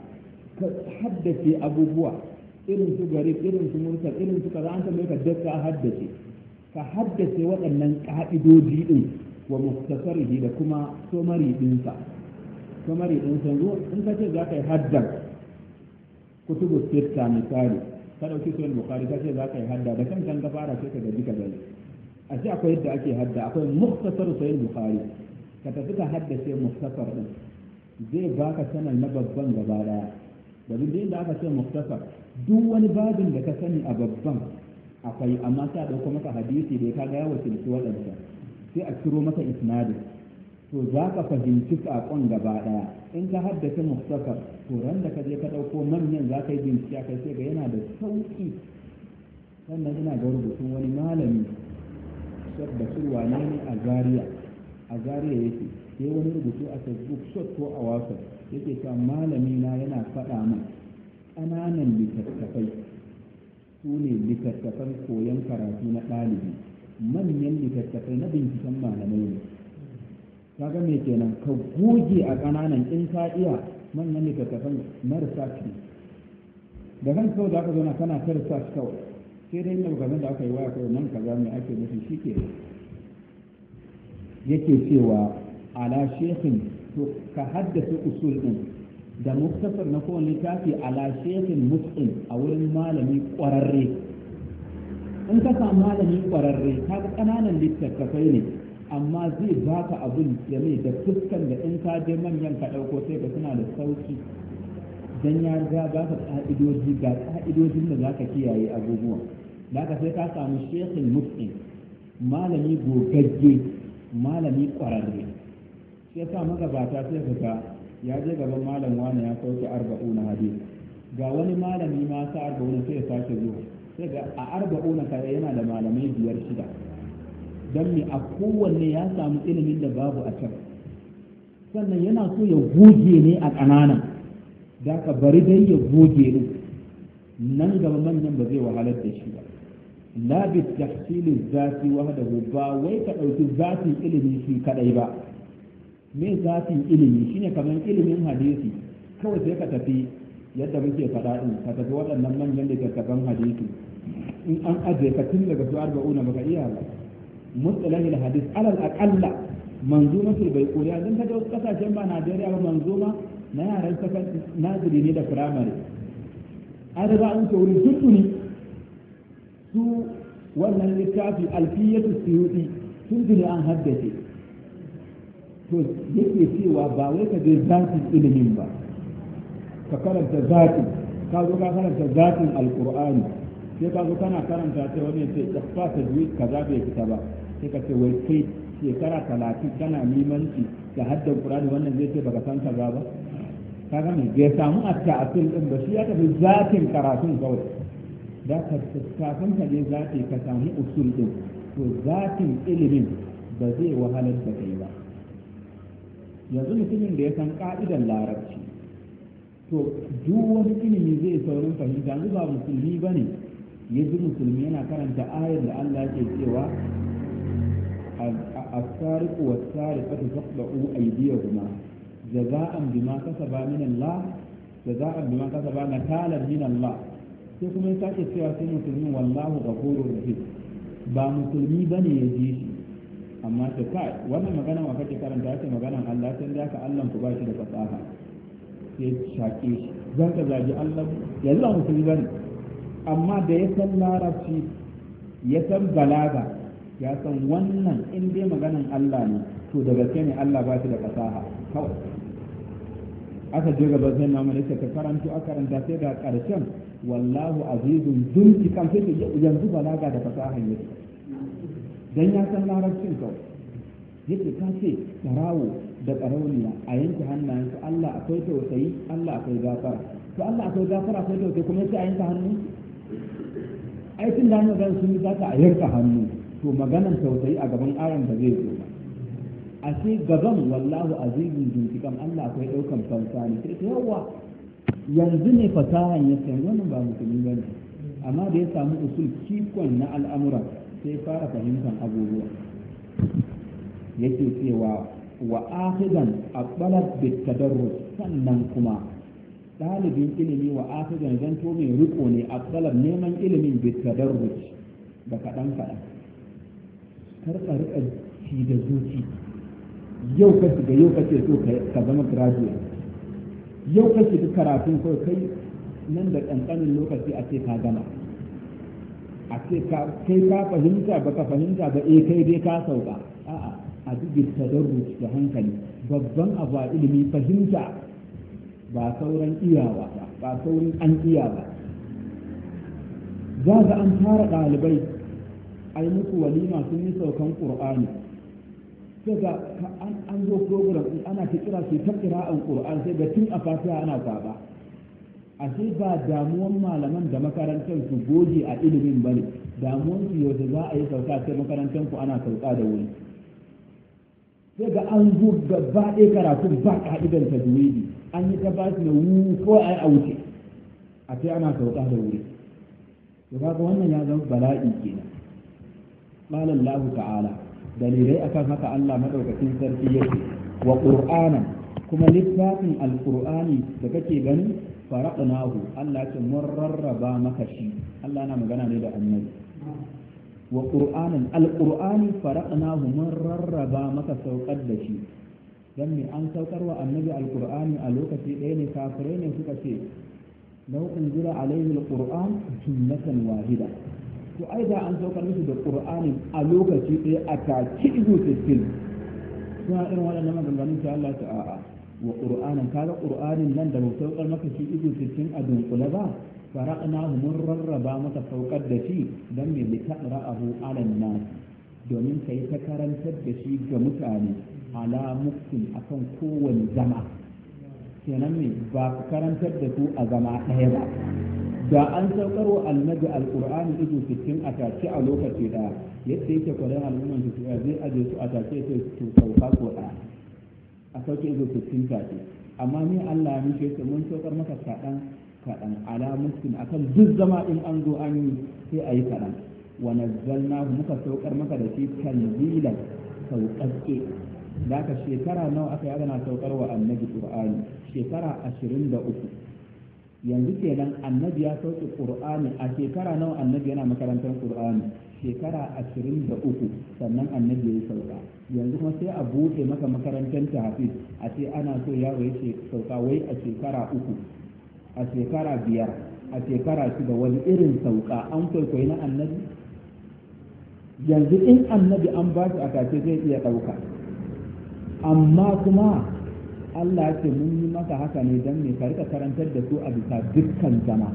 ka haddace abubuwa irin su gari irin su mursal irin su kaza an tambaye ka duk ka haddace ka haddace waɗannan ka'idoji din wa mustasarihi da kuma somari ɗinsa. somari din yanzu in ka ce za ka yi haddan kutubu sitta misali ka ɗauki sunan bukari ka ce za ka yi hadda da kan ka fara sai ka gaji ka gani a ce akwai yadda ake hadda akwai muktasar sayin bukari ka tafi ka haddace muktasar din zai baka sanar na babban gaba daya duk da aka ce muktasar duk wani babin da ka sani a babban akwai amma ta dauko maka hadisi da ya kaga ya su wadanda sai a ciro maka isnadin to za ka fahimci saƙon gaba ɗaya in ka haddace muktasar to ran da ka je ka ɗauko manyan za ka yi bincike kai sai ga yana da sauki sannan ina ga rubutun wani malami shaf da ne a Zariya. a zariya yake sai wani rubutu a facebook shot ko a whatsapp yake ta malami na yana faɗa min ƙananan littattafai su ne littattafan koyon karatu na ɗalibi manyan littattafai na binciken malamai ne kaga me kenan ka goge a ƙananan in ka iya manyan littattafan marasa da kan kawai da ka zauna kana ta research kawai sai dai yau game da aka yi waya kawai nan kaza mai ake nufin shi ke yake cewa ala shekhin to ka haddace usul din da muktasar na kowane littafi ala shekhin mus'in a wurin malami ƙwararre in ka samu malami ƙwararre ka ga ƙananan littattafai ne amma zai baka abin ya mai da fuskan da in ka je manyan ka ɗauko sai ka suna da sauki dan ya ba ka ka'idoji ga ka'idojin da zaka kiyaye abubuwa, da ka sai ka samu shekhin mus'in malami gogagge malami ƙwararre shi sa magabata sai ka ga ya je gaban malam wani ya sauke na hadis ga wani malami ma sa arba'una sai ya sake zuwa sai ga a na kare yana da malamai biyar shida don me a kowanne ya samu ilimin da babu a can sannan yana so ya goge ne a ƙanana da ka bari dai ya goge ne nan gaba manyan ba zai wahalar da shi ba la bi tafsili zati wahdahu ba wai ka ɗauki zatin ilimi shi kadai ba me zatin ilimi shine kamar ilimin hadisi kawai sai ka tafi yadda muke faɗa din ka tafi waɗannan manyan da kasaban hadisi in an ajiye ka tun daga su arba'una baka iya ba da hadis alal aqalla manzumatul baiquriya dan kaga kasashen ba Najeriya ba manzuma na yaran sakan naziri ne da firamare arba'un riga an ce su wannan littafi alfiyatu suyuti sun tuni an haddace to yake cewa ba wai ka je zatin ilimin ba ka karanta zatin ka zo ka karanta zatin alqur'ani sai ka zo kana karanta ta wani ce ihfa tajwid kaza bai fita ba sai ka ce wai kai shekara talatin kana limanci da haddan qur'ani wannan zai ce baka san kaza ba ka ga me bai samu a asil din ba shi ya tafi zatin karatun kawai za ka kafin ka je zaɓi ka samu usul ɗin to zaɓin ilimin ba zai wahalar da kai ba yanzu mutumin da ya san ƙa'idar larabci to duk wani ilimi zai saurin fahimta yanzu ba musulmi ba ne ya ji musulmi yana karanta ayar da Allah ke cewa السارق والسارقة فاقطعوا أيديهما جزاء بما كسبا من الله kasa ba na talar minan الله sai kuma ya sake cewa sai musulmi wallahu ghafurur rahim ba musulmi bane ya ji shi amma ta kai wannan magana ma kake karanta ce maganan Allah sai da ka Allah ku ba da fasaha sai shake shi zan ka zaji Allah yanzu ba musulmi bane amma da ya san larabci ya san balaga ya san wannan in dai maganan Allah ne to daga gaske ne Allah ba shi da fasaha kawai aka je gaba sai na mana ta karanto a karanta sai ga karshen wallahu azizun dunki kan sai ta yanzu balaga da fasaha yake dan ya san larabcin kawai yake ka ce tarawo da ƙarauniya a yanke su Allah akwai tausayi Allah akwai gafara to Allah akwai gafara akwai tausayi kuma sai a yanke hannu aikin da hannu zan sun zaka a yanka hannu to maganan tausayi a gaban ayan da zai zo a sai gaban wallahu azizun jinkikan Allah akwai ɗaukan fansa ne sai yawa yanzu ne fasahan ya sayan wannan ba musulmi ba ne amma da ya samu usul kikon na al'amura sai fara fahimtar abubuwa yake cewa wa ahidan a bit tadarrus sannan kuma ɗalibin ilimi wa zan zanto mai riko ne a aqbalat neman ilimin bit da kaɗan kaɗan karɓar riƙa da zuci yau ka shiga yau ka ce so ka zama graduate yau ka shiga karatun ko kai nan da ƙanƙanin lokaci a ce ka gama a ce kai ka fahimta ba ka fahimta ba eh kai dai ka sauka a'a a duk tadarruci da hankali babban abu a ilimi fahimta ba sauran iyawa ba ba sauran an iya ba za ga an fara ɗalibai ai muku walima sun yi saukan ƙur'ani sai ga an zo program ana ta kira sai ta kira an qur'an sai ga tun a fatiha ana saba sai ba damuwan malaman da makarantar su goge a ilimin ba ne damuwan su yau za a yi sauka sai makarantar ku ana sauka da wuri sai ga an zo gaba ɗaya karatu ba ka'idar duwidi an yi ta basu na wu ko a yi a wuce a sai ana sauka da wuri to kaga wannan ya zama bala'i kenan qala Allah ta'ala dalilai akan haka Allah madaukakin sarki yake wa qur'ana kuma littafin alqur'ani da kake gani faraqnahu Allah ya mun rarraba maka shi Allah na magana ne da annabi wa qur'anan alqur'ani faraqnahu mun rarraba maka saukar da shi dan me an wa annabi alqur'ani a lokaci ɗaya ne kafirai ne suka ce lau unzira alaihi alqur'an jumlatan wahida to ai da an saukar musu da qur'anin a lokaci ɗaya a taki izo sittin suna irin waɗannan maganganun sai Allah ta a'a wa qur'anin kaga qur'anin nan da mu saukar maka shi izo sittin a dunkule ba faraqna mun rarraba maka saukar da shi dan me litaqra'ahu 'ala an-nas domin kai ta karantar da shi ga mutane ala muktin akan kowane zama kenan ne ba ku karantar da su a zama ɗaya ba da an saukarwa annabi alkur'ani ido sittin a tace a lokaci da yadda yake kwarar al'umman su zai aje su a tace sai su sauka ko ɗaya a sauke ido sittin tace amma ni Allah ya mishe su mun saukar maka kaɗan kaɗan ala muskin akan duk zama in an zo an yi sai a yi kaɗan wa nazzalna muka saukar maka da shi tanzilan sauƙaƙe da aka shekara nawa aka yi ana saukar wa annabi qur'ani shekara ashirin da uku yanzu kenan annabi ya sauke qur'ani a shekara nawa annabi yana makarantar qur'ani shekara ashirin da uku sannan annabi ya yi sauka yanzu kuma sai a buɗe maka makarantar tahfiz a ce ana so yaro ya sauka wai a shekara uku a shekara biyar a shekara shida wani irin sauka an kwaikwayi na annabi yanzu in annabi an ba shi a zai iya ɗauka amma kuma Allah ya ce mun yi maka haka ne don ne ka rika karantar da su a bisa dukkan zama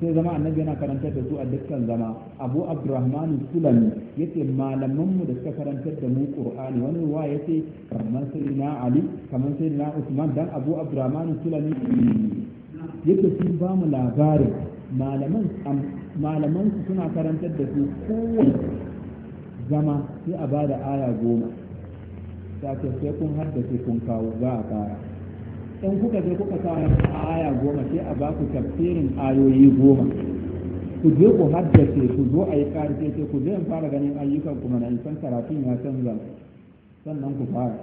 sai zama annabi yana karantar da su a dukkan zama abu abdurrahman sulami yace malamanmu da suka karantar da mu qur'ani wani ruwa yace kamar sayyidina ali kamar na usman dan abu abdurrahman sulami ce sun ba mu labarin malaman malaman su suna karantar da su kowace zama sai a bada aya goma ta sai kun haddace kun kawo za a kara in kuka je kuka kawo a aya goma sai a ba ku tafsirin ayoyi goma ku je ku haddace ku zo a yi ƙari sai ku je fara ganin ayyukan kuma na isan karatun ya canza sannan ku fara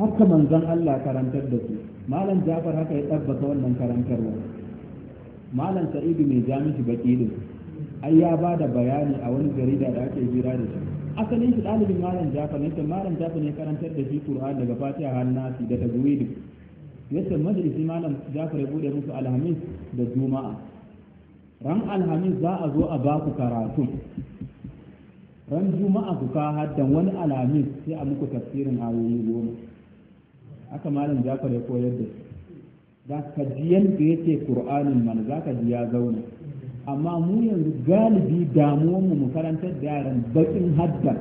haka manzon Allah karantar da su malam Jafar haka ya tabbata wannan karantarwa malam Sa'idu mai jami'i baki din ai ya bada bayani a wani jarida da ake jira da shi asalin shi ɗalibin malam jafa ne malam jafa ne karantar da shi qur'an daga fatiha har nasi da tajwid yace majalisi malam jafa ya bude musu alhamis da juma'a ran alhamis za a zo a ba ku karatu ran juma'a ku ka haddan wani alhamis sai a muku tafsirin ayoyi goma aka malam jafar ya koyar da da ka jiyan yadda yake qur'anin man zaka ji ya zauna amma mu yanzu galibi damuwan mu mu karantar da yaran bakin hadda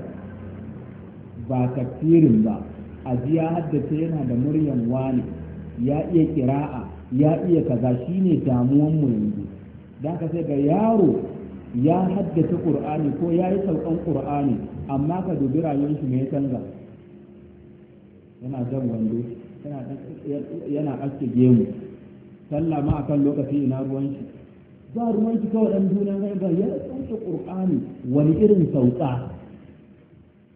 ba tafsirin ba ajiya jiya ce yana da muryan wani ya iya kira'a ya iya kaza ne damuwan mu yanzu Da ka sai ga yaro ya haddace qur'ani ko ya yi saukan qur'ani amma ka dubi rayuwar shi me ya canza yana jan wando yana aske gemu Sallama a akan lokaci ina ruwan shi ba ruwan ki kawai dan duniya zai ba ya sauke ƙur'ani wani irin sauka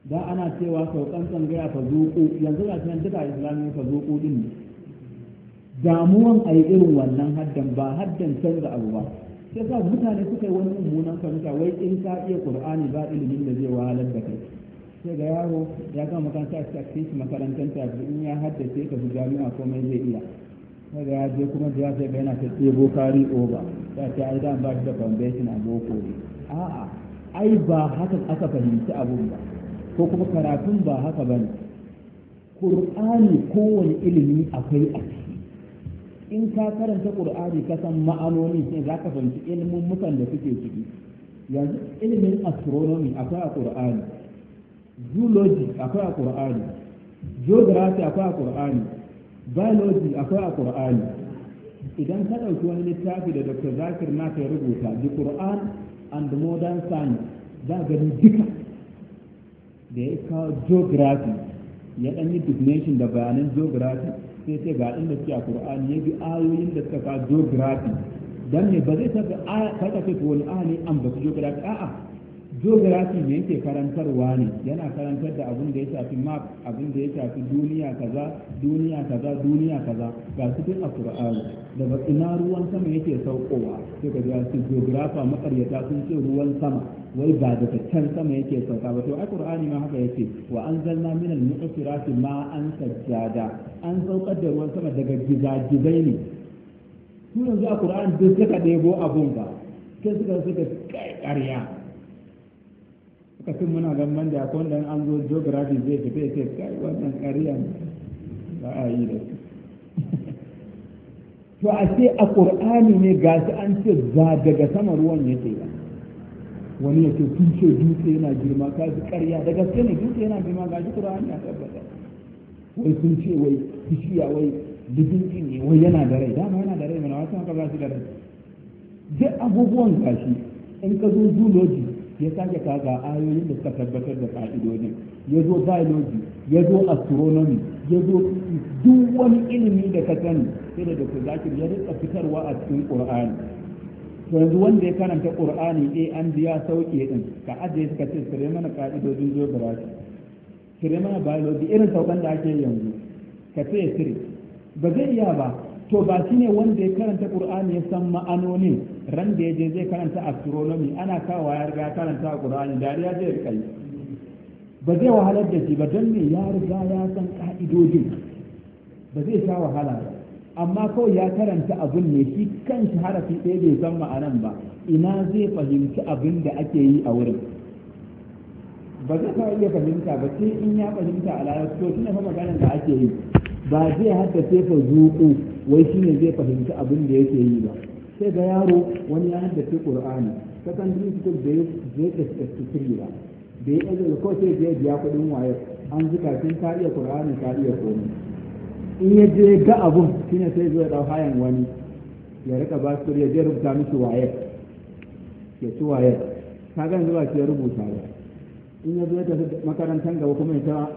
da ana cewa saukan tsangaya fa zuku yanzu ga cikin duka islami fa zuku din ne damuwan a yi irin wannan haddan ba haddan canza abu ba sai sa mutane suka yi wani mummunan fahimta wai in ka iya ƙur'ani ba ilimin da zai wahalar da kai sai ga yaro ya gama makaranta a cikin makarantar ta in ya haddace ka fi jami'a komai zai iya daga ya je kuma da ya sai yana ta tsebo kari over ya ce ai dan ba shi da foundation a boko ne a'a ai ba haka aka fahimci abun ba ko kuma karatun ba haka ba ne ko kowane ilimi akwai a ciki in ka karanta qur'ani ka san ma'anoni sai za ka fahimci ilimin mutan da suke ciki yanzu ilimin astronomy akwai a qur'ani zoology akwai a qur'ani geography akwai a qur'ani. biology akwai a qur'ani idan ka ɗauki wani littafi da dr zakir na ya rubuta the qur'an and modern science za gani duka da ya kawo geography ya ɗan yi definition da bayanan geography sai ce ga inda suke a qur'ani ya bi ayoyin da suka kawo geography don ne ba zai taɓa faɗa ko wani ahali an ba su geography a'a geography ne yake karantarwa ne yana karantar da abin da ya shafi map abin da ya shafi duniya kaza duniya kaza duniya kaza ga su duk a qur'ani daga ina ruwan sama yake saukowa sai ka ga su geographer makaryata sun ce ruwan sama wai ba daga can sama yake sauka ba to a qur'ani ma haka yake wa anzalna min al ma an sajjada an saukar da ruwan sama daga gizagizai ne su yanzu a qur'ani duk suka ɗebo abun ba sai suka suka kai ƙarya kafin muna gamban da akwai wanda an zo geography zai fita ya ce kai wannan ƙarya ba a yi da su <laughs> to a ce a ƙur'ani ne ga su an ce za daga sama ruwan yake ba wani ya ce tun ce dutse yana girma ka su ƙarya da gaske ne dutse yana girma ga shi ƙur'ani a tabbata wai sun ce wai bishiya wai dubinci ne wai yana da rai dama yana da rai mana wasu haka ba su da rai duk abubuwan gashi in ka zo zoology ya sake kaga ayoyin da suka tabbatar da ka'idodi ya zo biology ya zo astronomy ya zo duk wani ilimi da ka sani sai da dr zakir ya rika fitarwa a cikin qur'ani to yanzu wanda ya karanta qur'ani eh an biya sauke din ka ajiye suka ce sire mana ka'idodin geography sire mana biology irin saukan da ake yanzu ka ce sire ba zai iya ba to ba shine wanda ya karanta qur'ani ya san ma'anonin ran da ya je zai karanta astronomy ana kawo ya riga karanta qur'ani dariya zai rika yi ba zai wahalar da shi ba don me ya riga ya san ka'idojin ba zai sha wahala ba amma kawai ya karanta abun ne shi shi harafi ɗaya bai san ma'anan ba ina zai fahimci abin da ake yi a wurin ba zai kawai iya fahimta ba sai in ya fahimta a lalata to tuna fa maganar da ake yi ba zai haddace fa zuƙu wai shine zai fahimci abin da yake yi ba sai ga yaro wani ya haddace qur'ani secondary school da ya je ba da ya ɗaga ko sai ya biya kuɗin waye an zuka kafin ta iya ƙur'ani ta iya komai in ya je ga abun shine sai ya ɗau hayan wani ya rika ba su ya je rubuta miki waye ya ci waye ka ga yanzu ba ya rubuta ba in ya zo ya tafi makarantar gaba kuma ya ta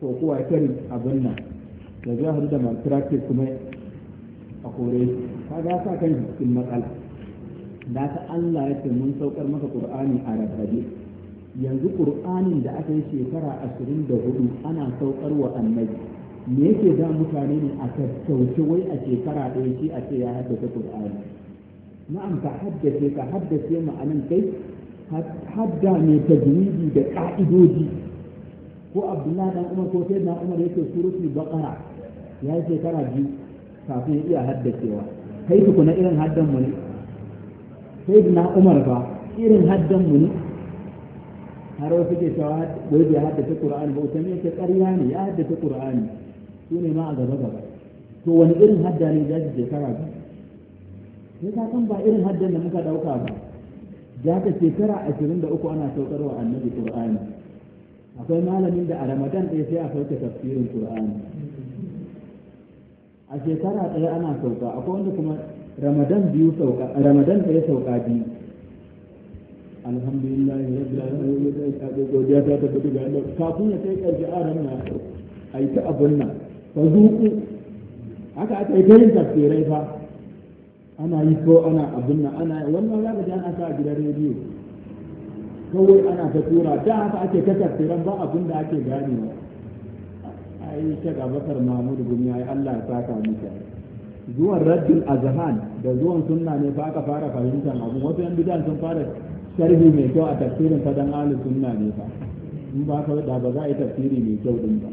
ko kuwa ya kari abin nan ya zo ya haɗu da malpractice kuma a kore kaga za sa kan cikin matsala da ta Allah ya ce mun saukar maka Qur'ani a rabbaje yanzu Qur'anin da aka yi shekara ashirin da hudu ana saukar wa annabi me yake da mutane ne a tattauce wai a shekara ɗaya shi a ce ya haddace Qur'ani na'am ka haddace ka haddace ma'anan kai hadda mai tajwidi da ka'idoji ko Abdullahi dan Umar ko sai na Umar yake suratul Baqara ya yi shekara biyu kafin ya iya haddacewa kai na irin haddan mu ne sai na umar ba irin haddan mu ne har wasu ke cewa wai bai haddace qur'ani ba wata ne ke ƙarya ne ya haddace qur'ani su ne ma a gaba gaba to wani irin hadda ne za su je kara ba sai ka san ba irin haddan da muka ɗauka ba za ka shekara ashirin da uku ana saukar wa annabi qur'ani akwai malamin da a ramadan ɗaya sai a sauke tafsirin qur'ani a shekara ɗaya ana sauka akwai wanda kuma ramadan biyu sauka ramadan ɗaya sauka biyu alhamdulillah rabbil alamin godiya ta tabbata ga Allah kafin ya kai karshe a ran na ai ta abun nan fa zuku haka aka yi tayin tafsirai fa ana yi ko ana abun nan ana wannan ka ji ana sa a gidan rediyo kawai ana ta tura da haka ake ta tafsiran ba abun da ake ganewa ai shek abakar mahmud gumi ai allah ya saka miki zuwan raddul azhan da zuwan sunna ne ba ka fara fahimtar abu wato yan bidan sun fara sharhi mai kyau a tafsirin dan ahlus sunna ne fa in ba ka da ba za a yi tafsiri mai kyau din ba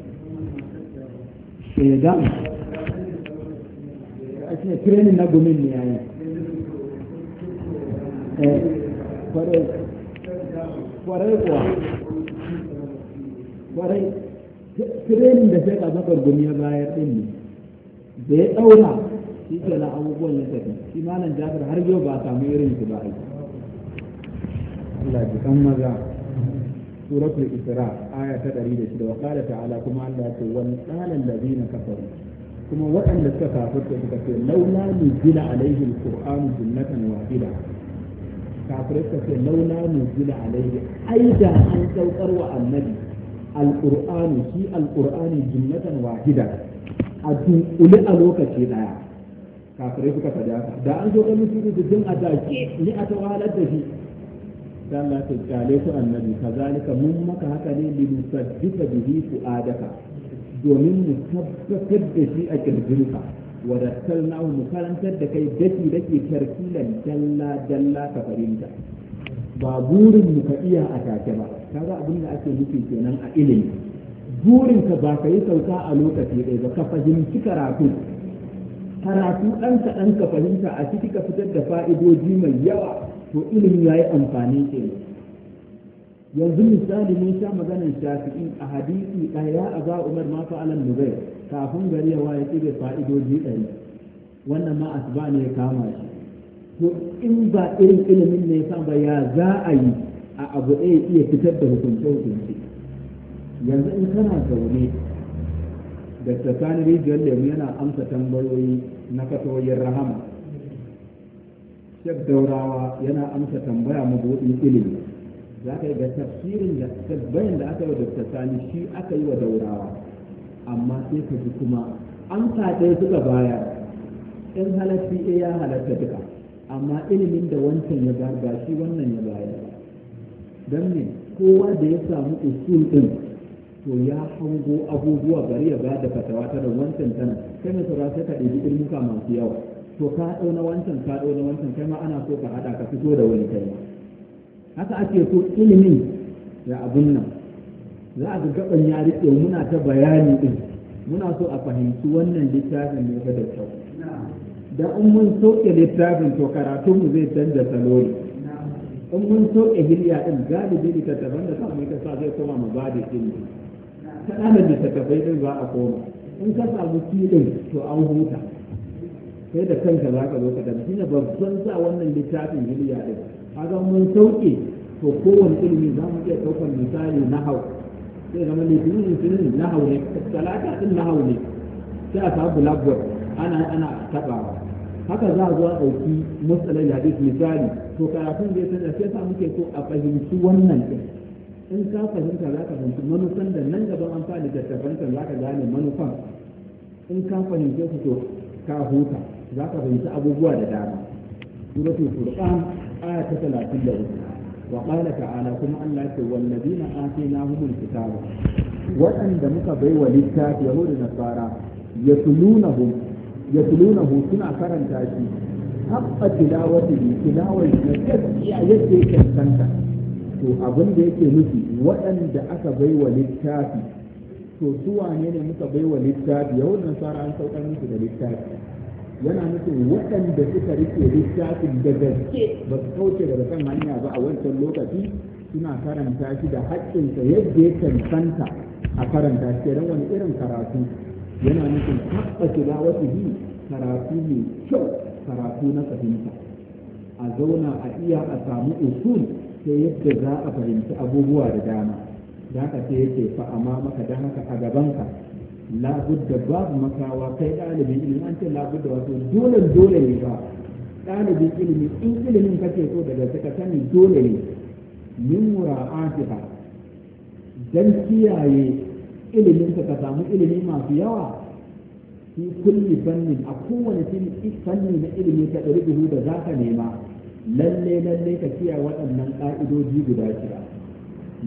shegan a ce training na gumin ne yayi eh kwarai kwarai kuwa kwarai tirenin da sai kaza gumi ya bayar din ne da ya daura shi ke na abubuwan ya tafi shi malam jabir har yau ba a samu irin shi ba ai Allah ji kan maza suratul isra aya ta shida wa qala ta'ala kuma Allah ya ce wani wal qala allazina kafaru kuma waɗanda suka kafirta suka ce laula nuzila alaihi alqur'anu jumlatan wahida kafirai suka ce laula nuzila alaihi ai da an saukar wa annabi alqur'ani shi alqur'ani jumlatan wahida a dunkule a lokaci daya kafirai suka faɗi da an zo ganin su da jin adaki ni a tawalar da shi dan Allah ta kyale su annabi kazalika mun maka haka ne bi saddika bihi adaka domin mu tabbatar da shi a Wadatar wadattalnahu mu karantar da kai daki dake tarkilan dalla dalla ka farinta ba burin mu ka iya a take ba kaga abin da ake nufi kenan a ilimi burin ka ba ka yi sauka a lokaci ɗaya ba ka fahimci karatu karatu ɗan kaɗan ka fahimta a ciki ka fitar da fa'idoji mai yawa to ilimi ya yi amfani kenan yanzu misali mun sha maganar shafi'i a hadisi ɗaya a za umar ma fa'alan nubai kafin gari yawa ya tsire fa'idoji ɗari wannan ma asuba ne ya kama shi to in ba irin ilimin ne san ba ya za a yi a abu ɗaya iya fitar da hukunce hukunce yanzu in kana zaune da tsakanin rijiyar lemu yana amsa tambayoyi na katoyin rahama shek daurawa yana amsa tambaya mabuɗin ilimi za ka yi ga tafsirin da tabbayin da aka yi wa da tsakani shi aka yi wa daurawa amma sai ka ji kuma amsa ɗaya suka bayar in halatta ya halatta duka amma ilimin da wancan ya ga shi wannan ya bayar don ne kowa da ya samu usul din to ya hango abubuwa bari ya ba da fatawa ta da wancan tana kai mai saura sai ka ɗebi ilmuka masu yawa to ka ɗauna wancan ka ɗauna wancan kai ma ana so ka haɗa ka fito da wani kai haka ake so ilimin ya abun nan za a ga gaban ya riƙe muna ta bayani din muna so a fahimci wannan littafin ne da kyau da in mun soke littafin to mu zai canza salori in mun soke hilya din galibi littattafan da samu ka sa zai koma mabadi din ne kaɗanan littattafai din za a koma in ka samu filin to an huta sai da kanka za ka zo ka tafi shine babban sa wannan littafin hilya din kaga mun sauke to kowane ilimi za mu iya ɗaukar misali na hau sai zama litinin litinin na hau ne talata din na hau ne sai a samu blackboard ana ana tabawa haka za a zo a ɗauki matsalar hadis misali to karatun zai sanya sai sa muke so a fahimci wannan ɗin in ka fahimta za ka fahimci manufan da nan gaban an fadi da tafanta za ka gane manufan in ka fahimce su to ka huta za ka fahimci abubuwa da dama suratul furqan aya ta 34 وقال تعالى كما أن لا والذين آتيناهم الكتاب وأن دمك بي وللكاف يهود النصارى يتلونهم ya suna karanta shi haɓɓa tilawata ne tilawar na gaskiya yadda ya cancanta to abin da yake nufi waɗanda aka bai wa littafi to su wane ne muka bai wa littafi yau nan sara an saukar musu da littafi yana nufin waɗanda suka rike littafin da gaske ba su kauce daga kan hanya ba a wancan lokaci suna karanta shi da haƙƙinsa yadda ya kankanta a karanta shi wani irin karatu yana nufin haɗa da wasu yi karatu mai kyau karatu na fahimta a zauna a iya a samu usul sai yadda za a fahimci abubuwa da dama da aka ce yake fa amma maka da haka a gabanka labudda babu makawa kai ɗalibin ilimi an ce labudda wato dole dole ne ba ɗalibin ilimi in ilimin kake so daga suka sani dole ne min mura'atiha dan kiyaye ilimin ka samu ilimi masu yawa fi kulli fannin a kowane fanni na ilimi ka ɗari duhu da za ka nema lalle lalle ka kiya waɗannan ƙa'idoji guda shida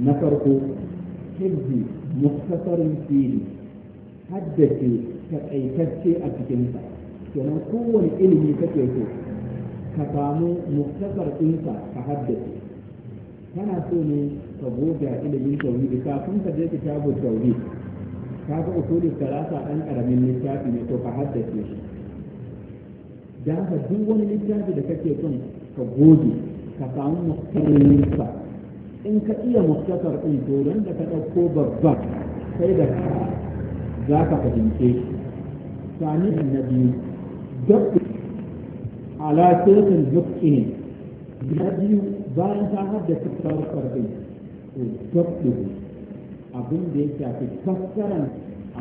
na farko hibzi muktasarin fili haddace taƙaitacce a cikinsa kenan kowane ilimi kake so ka samu muktasar ɗinsa ka haddace kana so ne ka goge a ilimin tauhidi kafin ka je kitabun tauhid ka ga usulul salasa dan karamin littafi ne to ka haddace shi da haka duk wani littafi da kake son ka goge ka samu muktarinsa in ka iya muktasar ɗin to don da ka ɗauko babban sai da ka za ka fahimce shi sani na biyu dabbi ala sirrin zuƙi na biyu bayan ta haddace farfar din to gabdu abin da ya shafi fassaran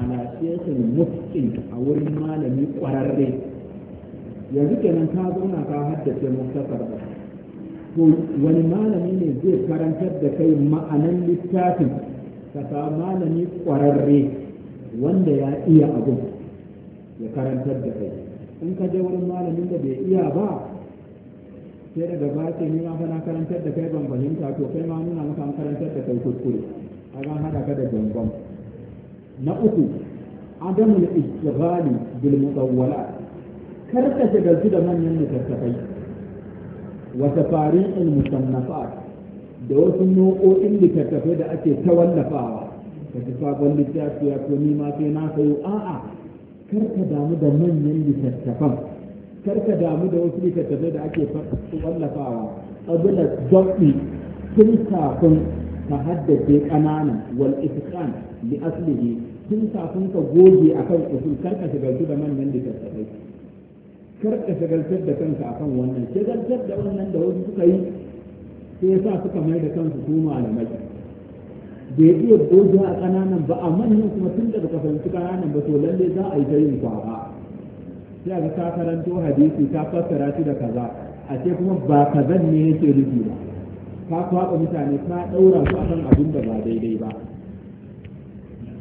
alasiyatul muftin a wurin malami kwararre yanzu kenan ka zauna ka haddace muktasar ba to wani malami ne zai karantar da kai ma'anan littafin ka sa malami kwararre wanda ya iya abin ya karantar da kai in ka je wurin malamin da bai iya ba sai daga baya ce ni ma karantar da kai ban fahimta to kai ma nuna maka an karantar da kai kuskure a ran hada ka da gangan na uku Adamu, adamul istighali bil mutawwala kar ka shagaltu da manyan littattafai wa tafari'il musannafat da wasu nau'o'in littattafai da ake ta wallafawa ka ci sabon littafi ya to ma sai na sayo a'a kar ka damu da manyan littattafan karka damu da wasu littattafai da ake wallafawa abinda zaɓi tun kafin ka haddace ƙananan wal itqan li aslihi tun kafin ka goge akan usul karka shigaltu da manyan littattafai karka shagaltar da kanka akan wannan shagaltar da wannan da wasu suka yi sai sa suka mai da kansu su malamai bai iya goge a ƙananan ba a manyan kuma tun da kafin su ƙananan ba to lalle za a yi ta yin kwaba sai ga karanto hadisi ka fassara shi da kaza a ce kuma ba kazan ne yake rufi ba ka kwaɓa mutane ka ɗaura su akan abin da ba daidai ba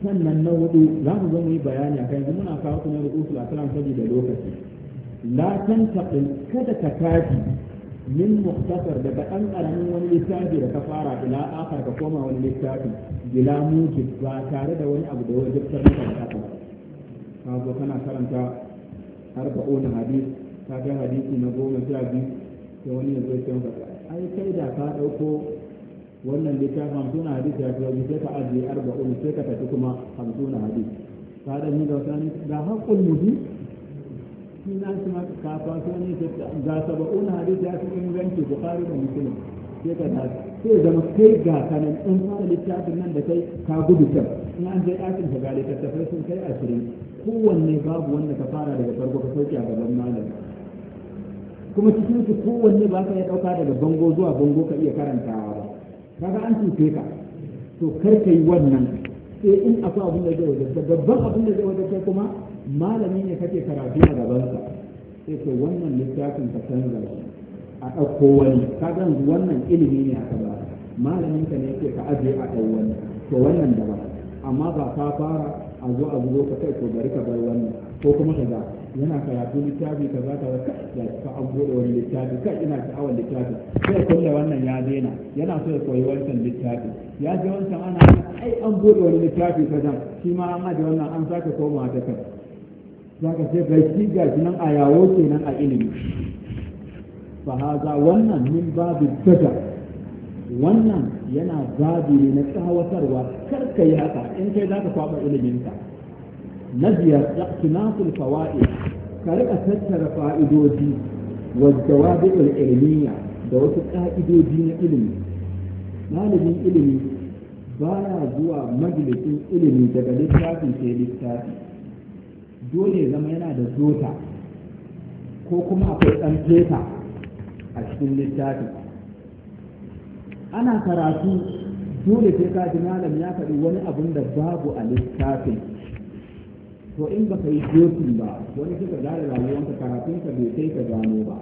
sannan na hudu za mu zo mu yi bayani a kan muna kawo kuma da usul a kan saboda lokaci la kada ka tafi min muktasar daga ɗan ƙaramin wani littafi da ka fara ila akar ka koma wani littafi ila mujib ba tare da wani abu da wajibtar maka da ka zo kana karanta arba'un hadis ga hadisi na goma sha biyu da wani ya zo can ai kai da ka ɗauko wannan littafin hamsin hadis ya fi wajen sai ka ajiye arba'un sai ka tafi kuma hamsin hadis ka da ni da wata ne da haƙƙun mutu shi na shi ma ka faso ne ga saba'un hadis ya fi inganci bukari da mutum sai ka tafi sai zama kai ga kanan in fara littafin nan da kai ka gudu can in an je ɗakin ka ga littattafai sun kai ashirin kowanne babu wanda ka fara daga farko ka sauke a gaban malam kuma cikin su kowanne ba ka iya ɗauka daga bango zuwa bango ka iya karantawa ba kaga an cuce ka to kar ka yi wannan sai in akwai abin da zai da babban abin da zai wajen kai kuma malami ne kake karatu a gabansa sai ce wannan littafin ka canza shi a ɗauko wani ka zan wannan ilimi ne aka ba malamin ka ne yake ka aje a ɗau wani to wannan da ba, amma ba ka fara a zo a zo ka kai ko bari ka bar wannan ko kuma ka ga yana karatu littafi ka za ka raka ka an bude wani littafi kai ina sha'awar littafi sai kulle wannan ya daina yana so ya koyi wancan littafi ya ji wancan ana ai an bude wani littafi ka zan shi ma an aje wannan an sake komawa ta kai za ka ce gashi gashi nan a yawo kenan a ilimi fa wannan min babu daga wannan yana babu ne na tsawatarwa kar ka yi haka in kai za ka kwaba iliminka na biyar iqtinasul fawaid ka rika tattara fa'idodi wa jawabi'ul ilmiya da wasu ka'idodi na ilimi ɗalibin ilimi baya zuwa majalisin ilimi daga littafi sai littafi dole zama yana da zota ko kuma akwai ɗan feta a cikin littafi ana karatu dole sai ka ji malam ya faɗi wani abun da babu a littafin to in baka yi jokin ba wani kika gane ka karatun ka bai kai ka gano ba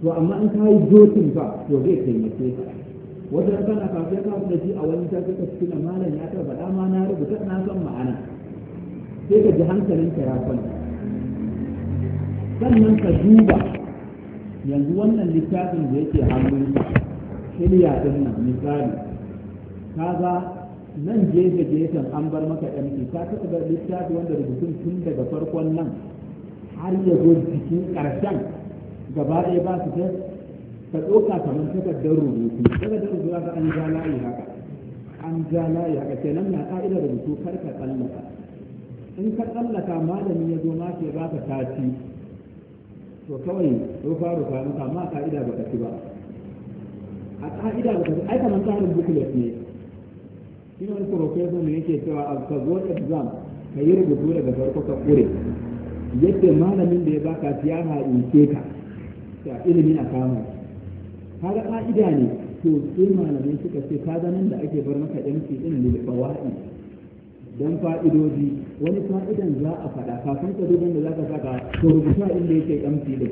to amma in ka yi jokin ba to zai taimake ka wata kana kafin kawo da shi a wani ta kika cikin malam ya ta faɗa ma na rubuta na san ma'ana sai ka ji hankalin ka ya kwanta sannan ka duba yanzu wannan littafin da yake hannunsa shirya din nan misali ga nan gefe gefen an bar maka yanki ka taɓa ga littafi wanda rubutun tun daga farkon nan har ya zo jikin ƙarshen gaba ɗaya ba su ta ka ɗauka kamar takardar rubutu takardar rubutu za ka an ja layi haka an ja layi haka kenan na ƙa'idar rubutu kar ka tsallaka in ka tsallaka malami ya zo ma ke ba ka sati to kawai rufa rufa maka amma a ka'ida ba ka ba a ka'ida ba ka ci ai kamar tsarin booklet ne shi ne wani professor ne yake cewa a ka zo exam ka yi rubutu daga farko ka kure yadda malamin da ya baka in ha'ince ka ta ilimi a kama kaga ka'ida ne to sai malamin suka ce ka zanen da ake bar maka yanki ɗin ne da fawa'i don fa'idodi wani fa'idan za a faɗa kafin ka duban da za ka faɗa to rubuta inda yake kamfi da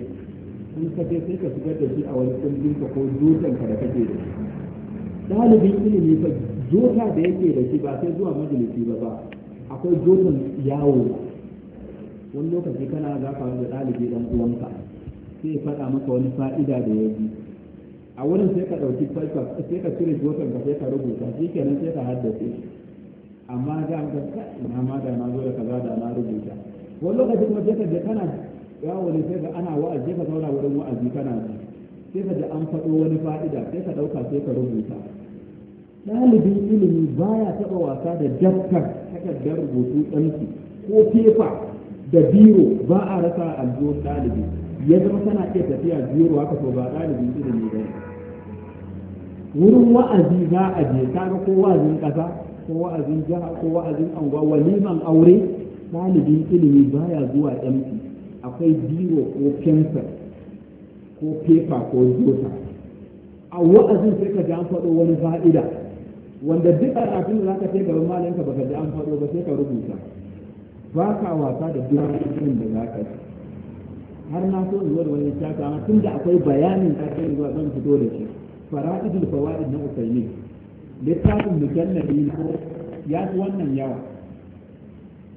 in ka je sai ka shigar da shi a wani kundin ka ko dutsen ka da kake da shi ɗalibin ilimi fa jota da yake da shi ba sai zuwa majalisi ba ba akwai jotan yawo wani lokaci kana za ka wani ɗalibi ɗan uwanka sai faɗa maka wani fa'ida da ya ji a wurin sai ka ɗauki sai ka cire jotan ka sai ka rubuta shi kenan sai ka haddace amma da ga ina ma da na zo da kaza da na rubuta wani lokacin kuma sai ka je kana yawo ne sai ka ana wa'azi ka zauna wurin wa'azi kana ji sai ka ji an faɗo wani fa'ida sai ka ɗauka sai ka rubuta ɗalibin ilimi baya taɓa wasa da daftar takardar rubutu ɗanki ko fefa da biro ba a rasa aljo ɗalibi ya zama tana iya tafiya biro haka to ba ɗalibin ilimi ba wurin wa'azi za a je ga ko wa'azin ƙasa ko wa'azin jiha ko wa'azin anguwa waliman aure ɗalibin ilimi baya zuwa MP akwai biro ko fensa ko fefa ko jota a wa'azin sai ka ji an faɗo wani fa'ida wanda duk abin da za ka kai gaban malamin ka baka ji an faɗo ba sai ka rubuta ba ka wasa da duk abin da za ka yi har na so zuwa da wani littafi amma tun da akwai bayanin ta kai zuwa zan fito da shi fara'idul fawaid na usaimin littafin mujallabi ya fi wannan yawa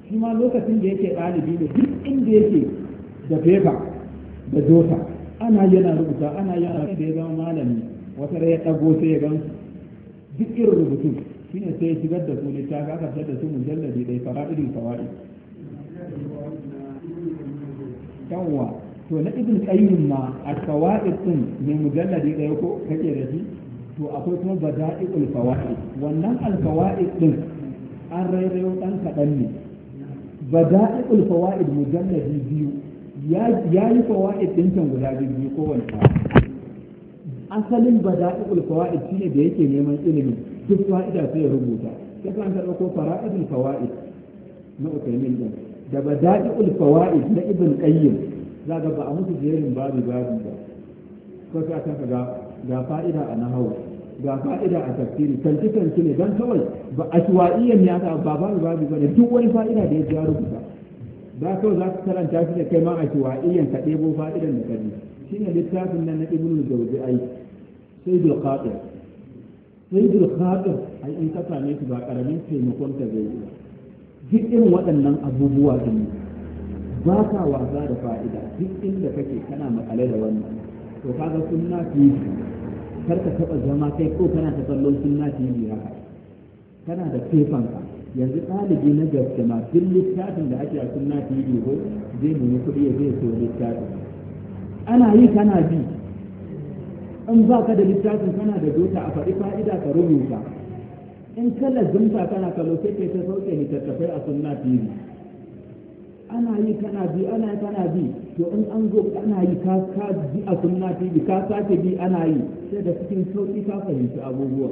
shi ma lokacin da yake ɗalibi ne duk inda yake da fefa da jota ana yana rubuta ana yana da ya zama malami wata ya ɗago sai ya gan duk irin rubutun shi ne sai ya shigar da su littafi aka fitar da su mujallabi ɗaya fara'idin fawa'i yawwa to na ibin qayyim ma a fawaid ɗin ne mujalladi ɗaya ko kake da shi to akwai kuma bada'i'ul fawaid wannan alfawaid din an rairayo dan kadan ne bada'i'ul fawaid mujalladi biyu ya yi fawaid din can guda biyu kowanne asalin bada'i'ul fawaid shine da yake neman ilimi duk fa'ida sai ya rubuta sai ka ta dauko fara'idul fawaid na ukaimin din da bada'i'ul fawaid na ibn qayyim za ba a musu jerin babu babu ba ko sai ka ga ga fa'ida a nahawu ga fa'ida a tafsiri kanci kanci ne Dan kawai ba a shuwa'iyyan ya ta ba babu babu ba duk wani fa'ida da ya ji kusa ba kawai za ka karanta shi da kai ma a shuwa'iyyan ka ɗebo fa'idan da kaji shi ne littafin nan na ibnu jawzi ai sai qadir sai qadir ai in ka same shi ba karamin taimakon ka zai yi duk irin waɗannan abubuwa din ba ka wasa da fa'ida duk inda kake kana makale da wannan to kaga sunna fi kar ka taɓa zama kai ko kana ta kallon sunna tv ka kana da fefan ka yanzu ɗalibi na gaske ma duk littafin da ake a sunna tv ko zai nemi kuɗi ya zai so littafin ana yi kana bi in ba ka da littafin kana da dota a faɗi fa'ida ka rubuta in kala zumta kana kallo sai kai ta sauke littattafai a sunna tv ana yi kana bi ana yi kana bi to in an zo ana yi ka ka bi a sunna bi ka sake bi ana yi sai da cikin sauki ka fahimci abubuwa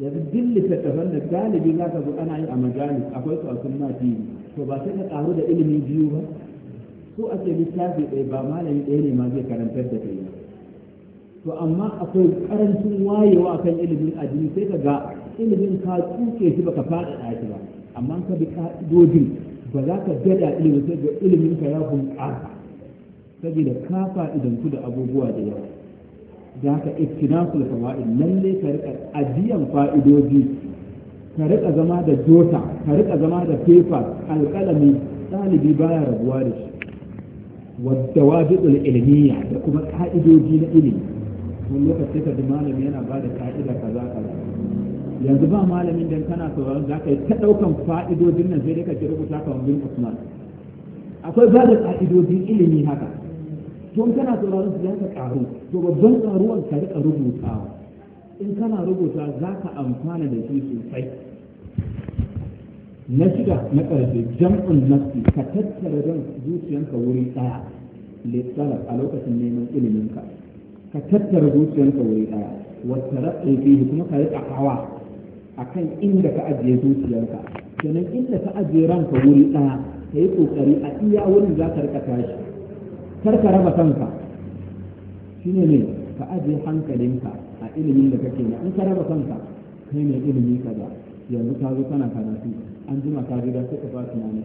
yanzu duk littattafan da galibi za ka zo ana yi a majalis akwai su a sunna tv to ba sai ka karu da ilimi biyu ba ko a ce littafi ɗaya ba malami ɗaya ne ma zai karantar da kai to amma akwai karancin wayewa kan ilimin addini sai ka ga ilimin ka tsuke shi baka faɗaɗa shi ba amma ka bi ka'idodin ba za ka gada ilimi sai ga ilimin ka ya bunƙasa saboda ka fa'idantu da abubuwa da yawa da ka iktinasul fawaid lalle ka rika ajiyan fa'idoji ka rika zama da jota ka rika zama da paper alƙalami ɗalibi baya rabuwa da shi wadda wajibul ilmiya da kuma ka'idoji na ilimi wani lokaci ka ji malami yana ba da ka'ida kaza kaza yanzu ba malamin dan kana sauraron za ka yi ta ɗaukan fa'idodin nan sai dai ka kira rubuta ka wani usman akwai ba da fa'idodin ilimi haka to in kana sauraron su za ka to babban ƙaruwan ka rika rubutawa in kana rubuta za ka amfana da shi sosai na shida na ƙarshe jam'un nafsi ka tattara don zuciyanka wuri ɗaya lissalar a lokacin neman iliminka ka tattara zuciyanka wuri ɗaya wata raɗin fiye kuma ka riƙa hawa akan inda ka ajiye zuciyarka kenan inda ka ajiye ranka wuri ɗaya ka yi ƙoƙari a iya wurin za ka rika tashi kar ka raba kanka shi ne ka ajiye hankalinka a ilimin da kake na in ka raba kanka kai ne ilimi ka da, yanzu ka zo kana karatu an jima ka gida da suka ba tunani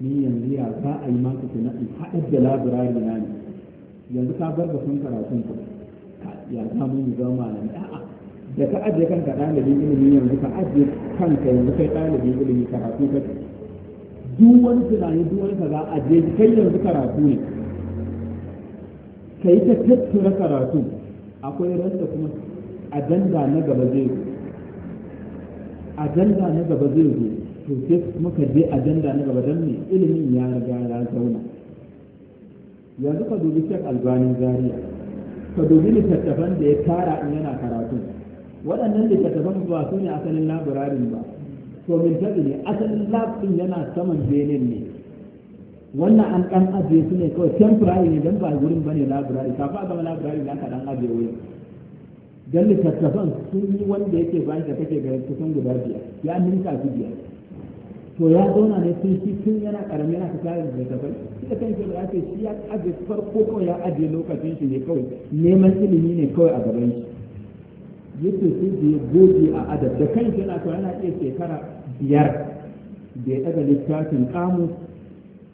ni yanzu ya za a yi maka tunani haɗar da labirari na ne yanzu ka bar sun karatun ka ya za mu yi zama ne a'a da ka ajiye kanka ɗalibin ilimi yanzu ka ajiye kanka yanzu kai ɗalibin ilimi karatu ka duk wani tunani duk wani kaza ajiye shi kai yanzu karatu ne ka yi ta tattara karatu akwai ranta kuma ajanda na gaba zai zo ajanda na gaba zai zo to sai kuma ka je ajanda na gaba don me ilimin ya riga ya zauna yanzu ka dubi shek albanin zaria ka dubi littattafan da ya tara in yana karatu waɗannan littattafan ba su ne asalin labirarin ba to min taɓi ne asalin labirin yana saman benin ne wannan an ɗan ajiye su ne kawai temporary ne don ba wurin ba ne labirari kafa a gama labirari da aka ɗan ajiye wurin don littattafan sun yi wanda yake bayan da kake ga kusan guda biyar ya ninka su biyar to ya zauna ne sun shi tun yana karami yana kasarar da littattafai shi da kan shi ya ce shi ya ajiye farko kawai ya ajiye lokacin shi ne kawai neman ilimi ne kawai a gaban shi yake su da ya goge a adab da kan yana to yana iya shekara biyar da ya daga littafin kamu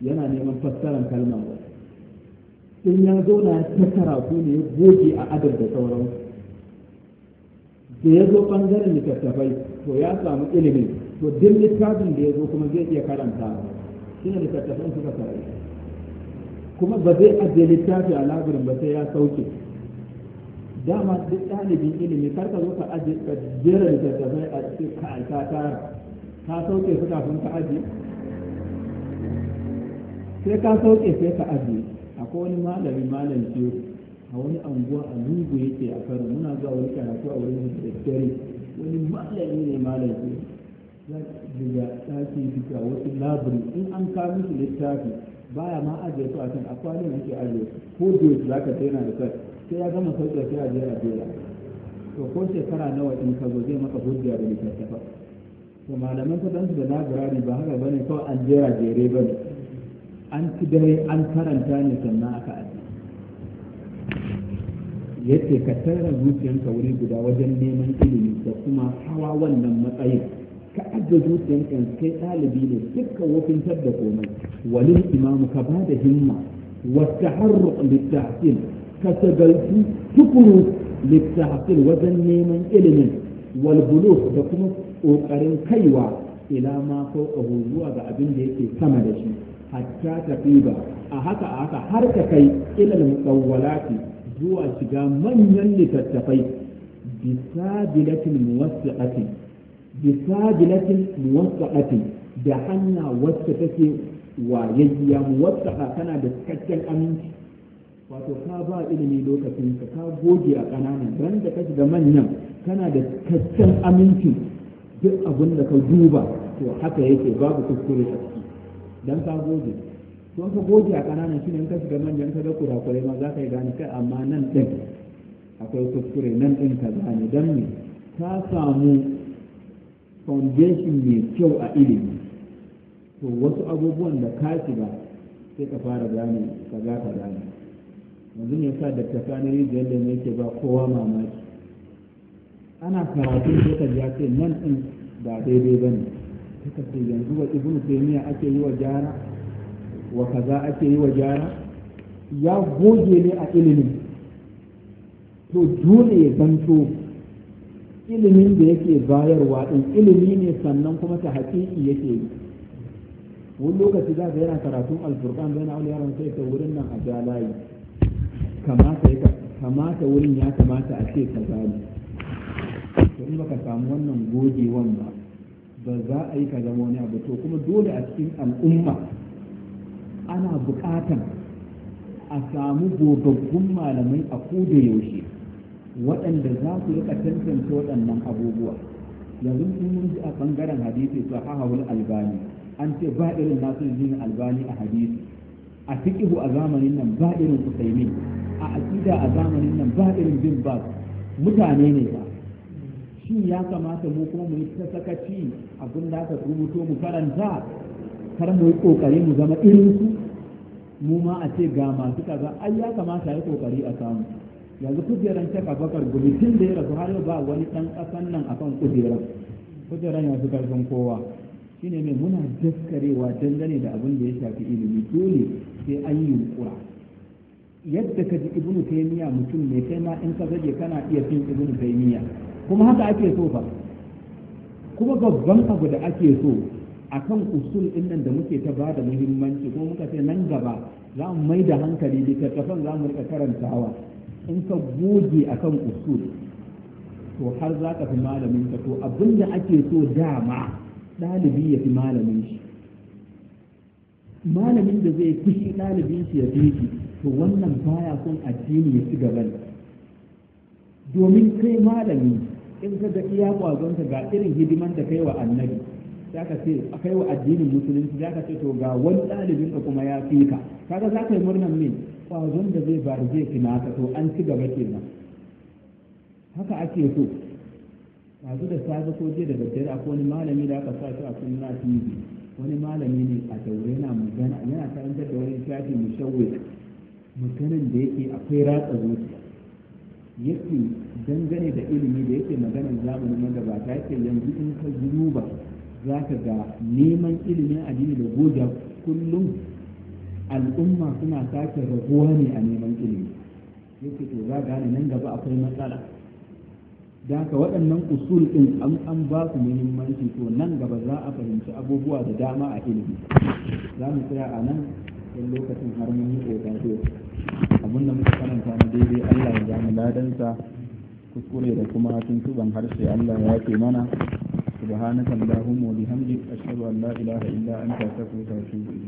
yana neman fassarar kalmar ba in ya zauna ta karatu ne ya goge a adab da sauran da ya zo bangaren littattafai to ya samu ilimi to duk littafin da ya zo kuma zai iya karanta shi ne littattafan suka sare kuma ba zai ajiye littafi a labirin ba sai ya sauke dama duk ɗalibin ilimi kar ka zo ka aje ka jera zai a cikin ka ta ka sauke su kafin ka aje sai ka sauke sai ka aje akwai wani malami malam ce a wani anguwa a lungu yake a kano muna zuwa wani karatu a wurin da daddare wani malami ne malam ce? za daga ɗaki fita wasu labirin in an kawo su littafi baya ma ajiye su a can a kwanan yake ajiye ko da za ka daina da kai sai ya gama sauke sai a jera jera to ko shekara nawa in ka zo zai maka hujja da littattafa to malaman ta da labirari ba haka bane kawai an jera jere bane an ci dare an karanta ne sannan aka aji yadda ka tara zuciyarka wuri guda wajen neman ilimi da kuma hawa wannan matsayin ka ajiye zuciyarka kai ɗalibi ne duka wafintar da komai walin imamu ka ba da himma wata harruƙ littafin ka tukuru littafin wajen neman ilimin walbulu da kuma ƙoƙarin kaiwa ila ma ko zuwa ga abin da yake sama da shi hatta tafiba a haka a haka har ka kai ilal muqawwalati zuwa shiga manyan littattafai bisabilatin muwassiqatin bisabilatin muwassiqatin da hanya wacce take wayayya muwassaqa tana da cikakken aminci wato ka ba ilimi lokacin ka ka goge a ƙananan ran da ka shiga manyan kana da kaccen aminci duk abin da ka duba to haka yake babu kuskure a ciki dan ka goge to ka goge a kananan shine in ka shiga manyan ka ga kurakurai ma za ka yi gane kai amma nan ɗin akwai kuskure nan ɗin ka gane dan me ka samu foundation mai kyau a ilimi to wasu abubuwan da ka shiga sai ka fara gane ka za ka gane yanzu ne sa da tafani rijiyar da ke ba kowa mamaki ana karatu da ta ya ce nan din ba daidai ba ne ta yanzu wa ibnu taymiya ake yi wa jara wa kaza ake yi wa jara ya goge ne a ilimin to dole ya zanto ilimin da yake bayarwa din ilimi ne sannan kuma ta haƙiƙi yake yi wani lokaci za ka yana karatun alfurkan bayan auliyar sai ta wurin nan a jalayi kamata ya kamata wurin ya kamata a ce ka zamu to in baka samu wannan gogewan ba ba za a yi ka zama wani abu to kuma dole a cikin al'umma ana buƙatan a samu gogaggun malamai a koda yaushe waɗanda za su rika tantance waɗannan abubuwa yanzu sun mun ji a ɓangaren hadisi su hahawul albani an ce ba irin nasu jin albani a hadisi a fiƙihu a zamanin nan ba irin usaimin a aƙida a zamanin nan ba irin bin ba mutane ne ba shin ya kamata mu kuma mu yi ta sakaci abin da aka rubuto mu karanta kar mu yi kokari mu zama irin su mu ma a ce ga masu kaza ai ya kamata yi kokari a samu yanzu kujeran ta kabakar tun da ya rasu har ba wani ɗan ƙasan nan akan kujeran kujeran ya fi karfin kowa shine mai muna daskarewa dangane da abin da ya shafi ilimi dole sai an yi yunƙura. yadda ka ji ibnu taymiya mutum ne kai ma in ka zage kana iya fin ibnu taymiya kuma haka ake so fa kuma babban abu da ake so akan usul din nan da muke ta bada muhimmanci kuma muka ce nan gaba za mu mai da hankali littattafan za mu rika karantawa in ka goge akan usul to har za ka fi malamin ka to abinda ake so dama ɗalibi ya fi malamin shi malamin da zai fushi ɗalibin shi ya fi to wannan baya son addini ya ci gaba domin kai malami in ka ga iya kwazonka ga irin hidiman da kai wa annabi ka ce kai wa addinin musulunci za ka ce to ga wani ɗalibin ka kuma ya fi ka kaga za ka yi murnan ne kwazon da zai bari zai fi naka to an ci gaba kenan haka ake so yanzu da sa ko jiya da daddare a wani malami da aka sa shi a sunna tv wani malami ne a daure yana magana yana karantar da wani shafi mushawwir maganan da yake akwai ratsa zuciya yake dangane da ilimi da yake maganar zamanin ta yake yanzu in ka zuba za ka ga neman ilimin addini da goja kullum al'umma suna sake raguwa ne a neman ilimi yake to za gane nan gaba akwai matsala da haka waɗannan usul ɗin an an ba su muhimmanci to nan gaba za a fahimci abubuwa da dama a ilimi za mu tsaya a nan in lokacin har mun yi ƙoƙarto abin da muka karanta na daidai Allah ya mu ladansa kuskure da kuma tuntuban harshe Allah ya ke mana subhanaka allahumma wa bihamdik ashhadu an la ilaha illa anta astaghfiruka wa atubu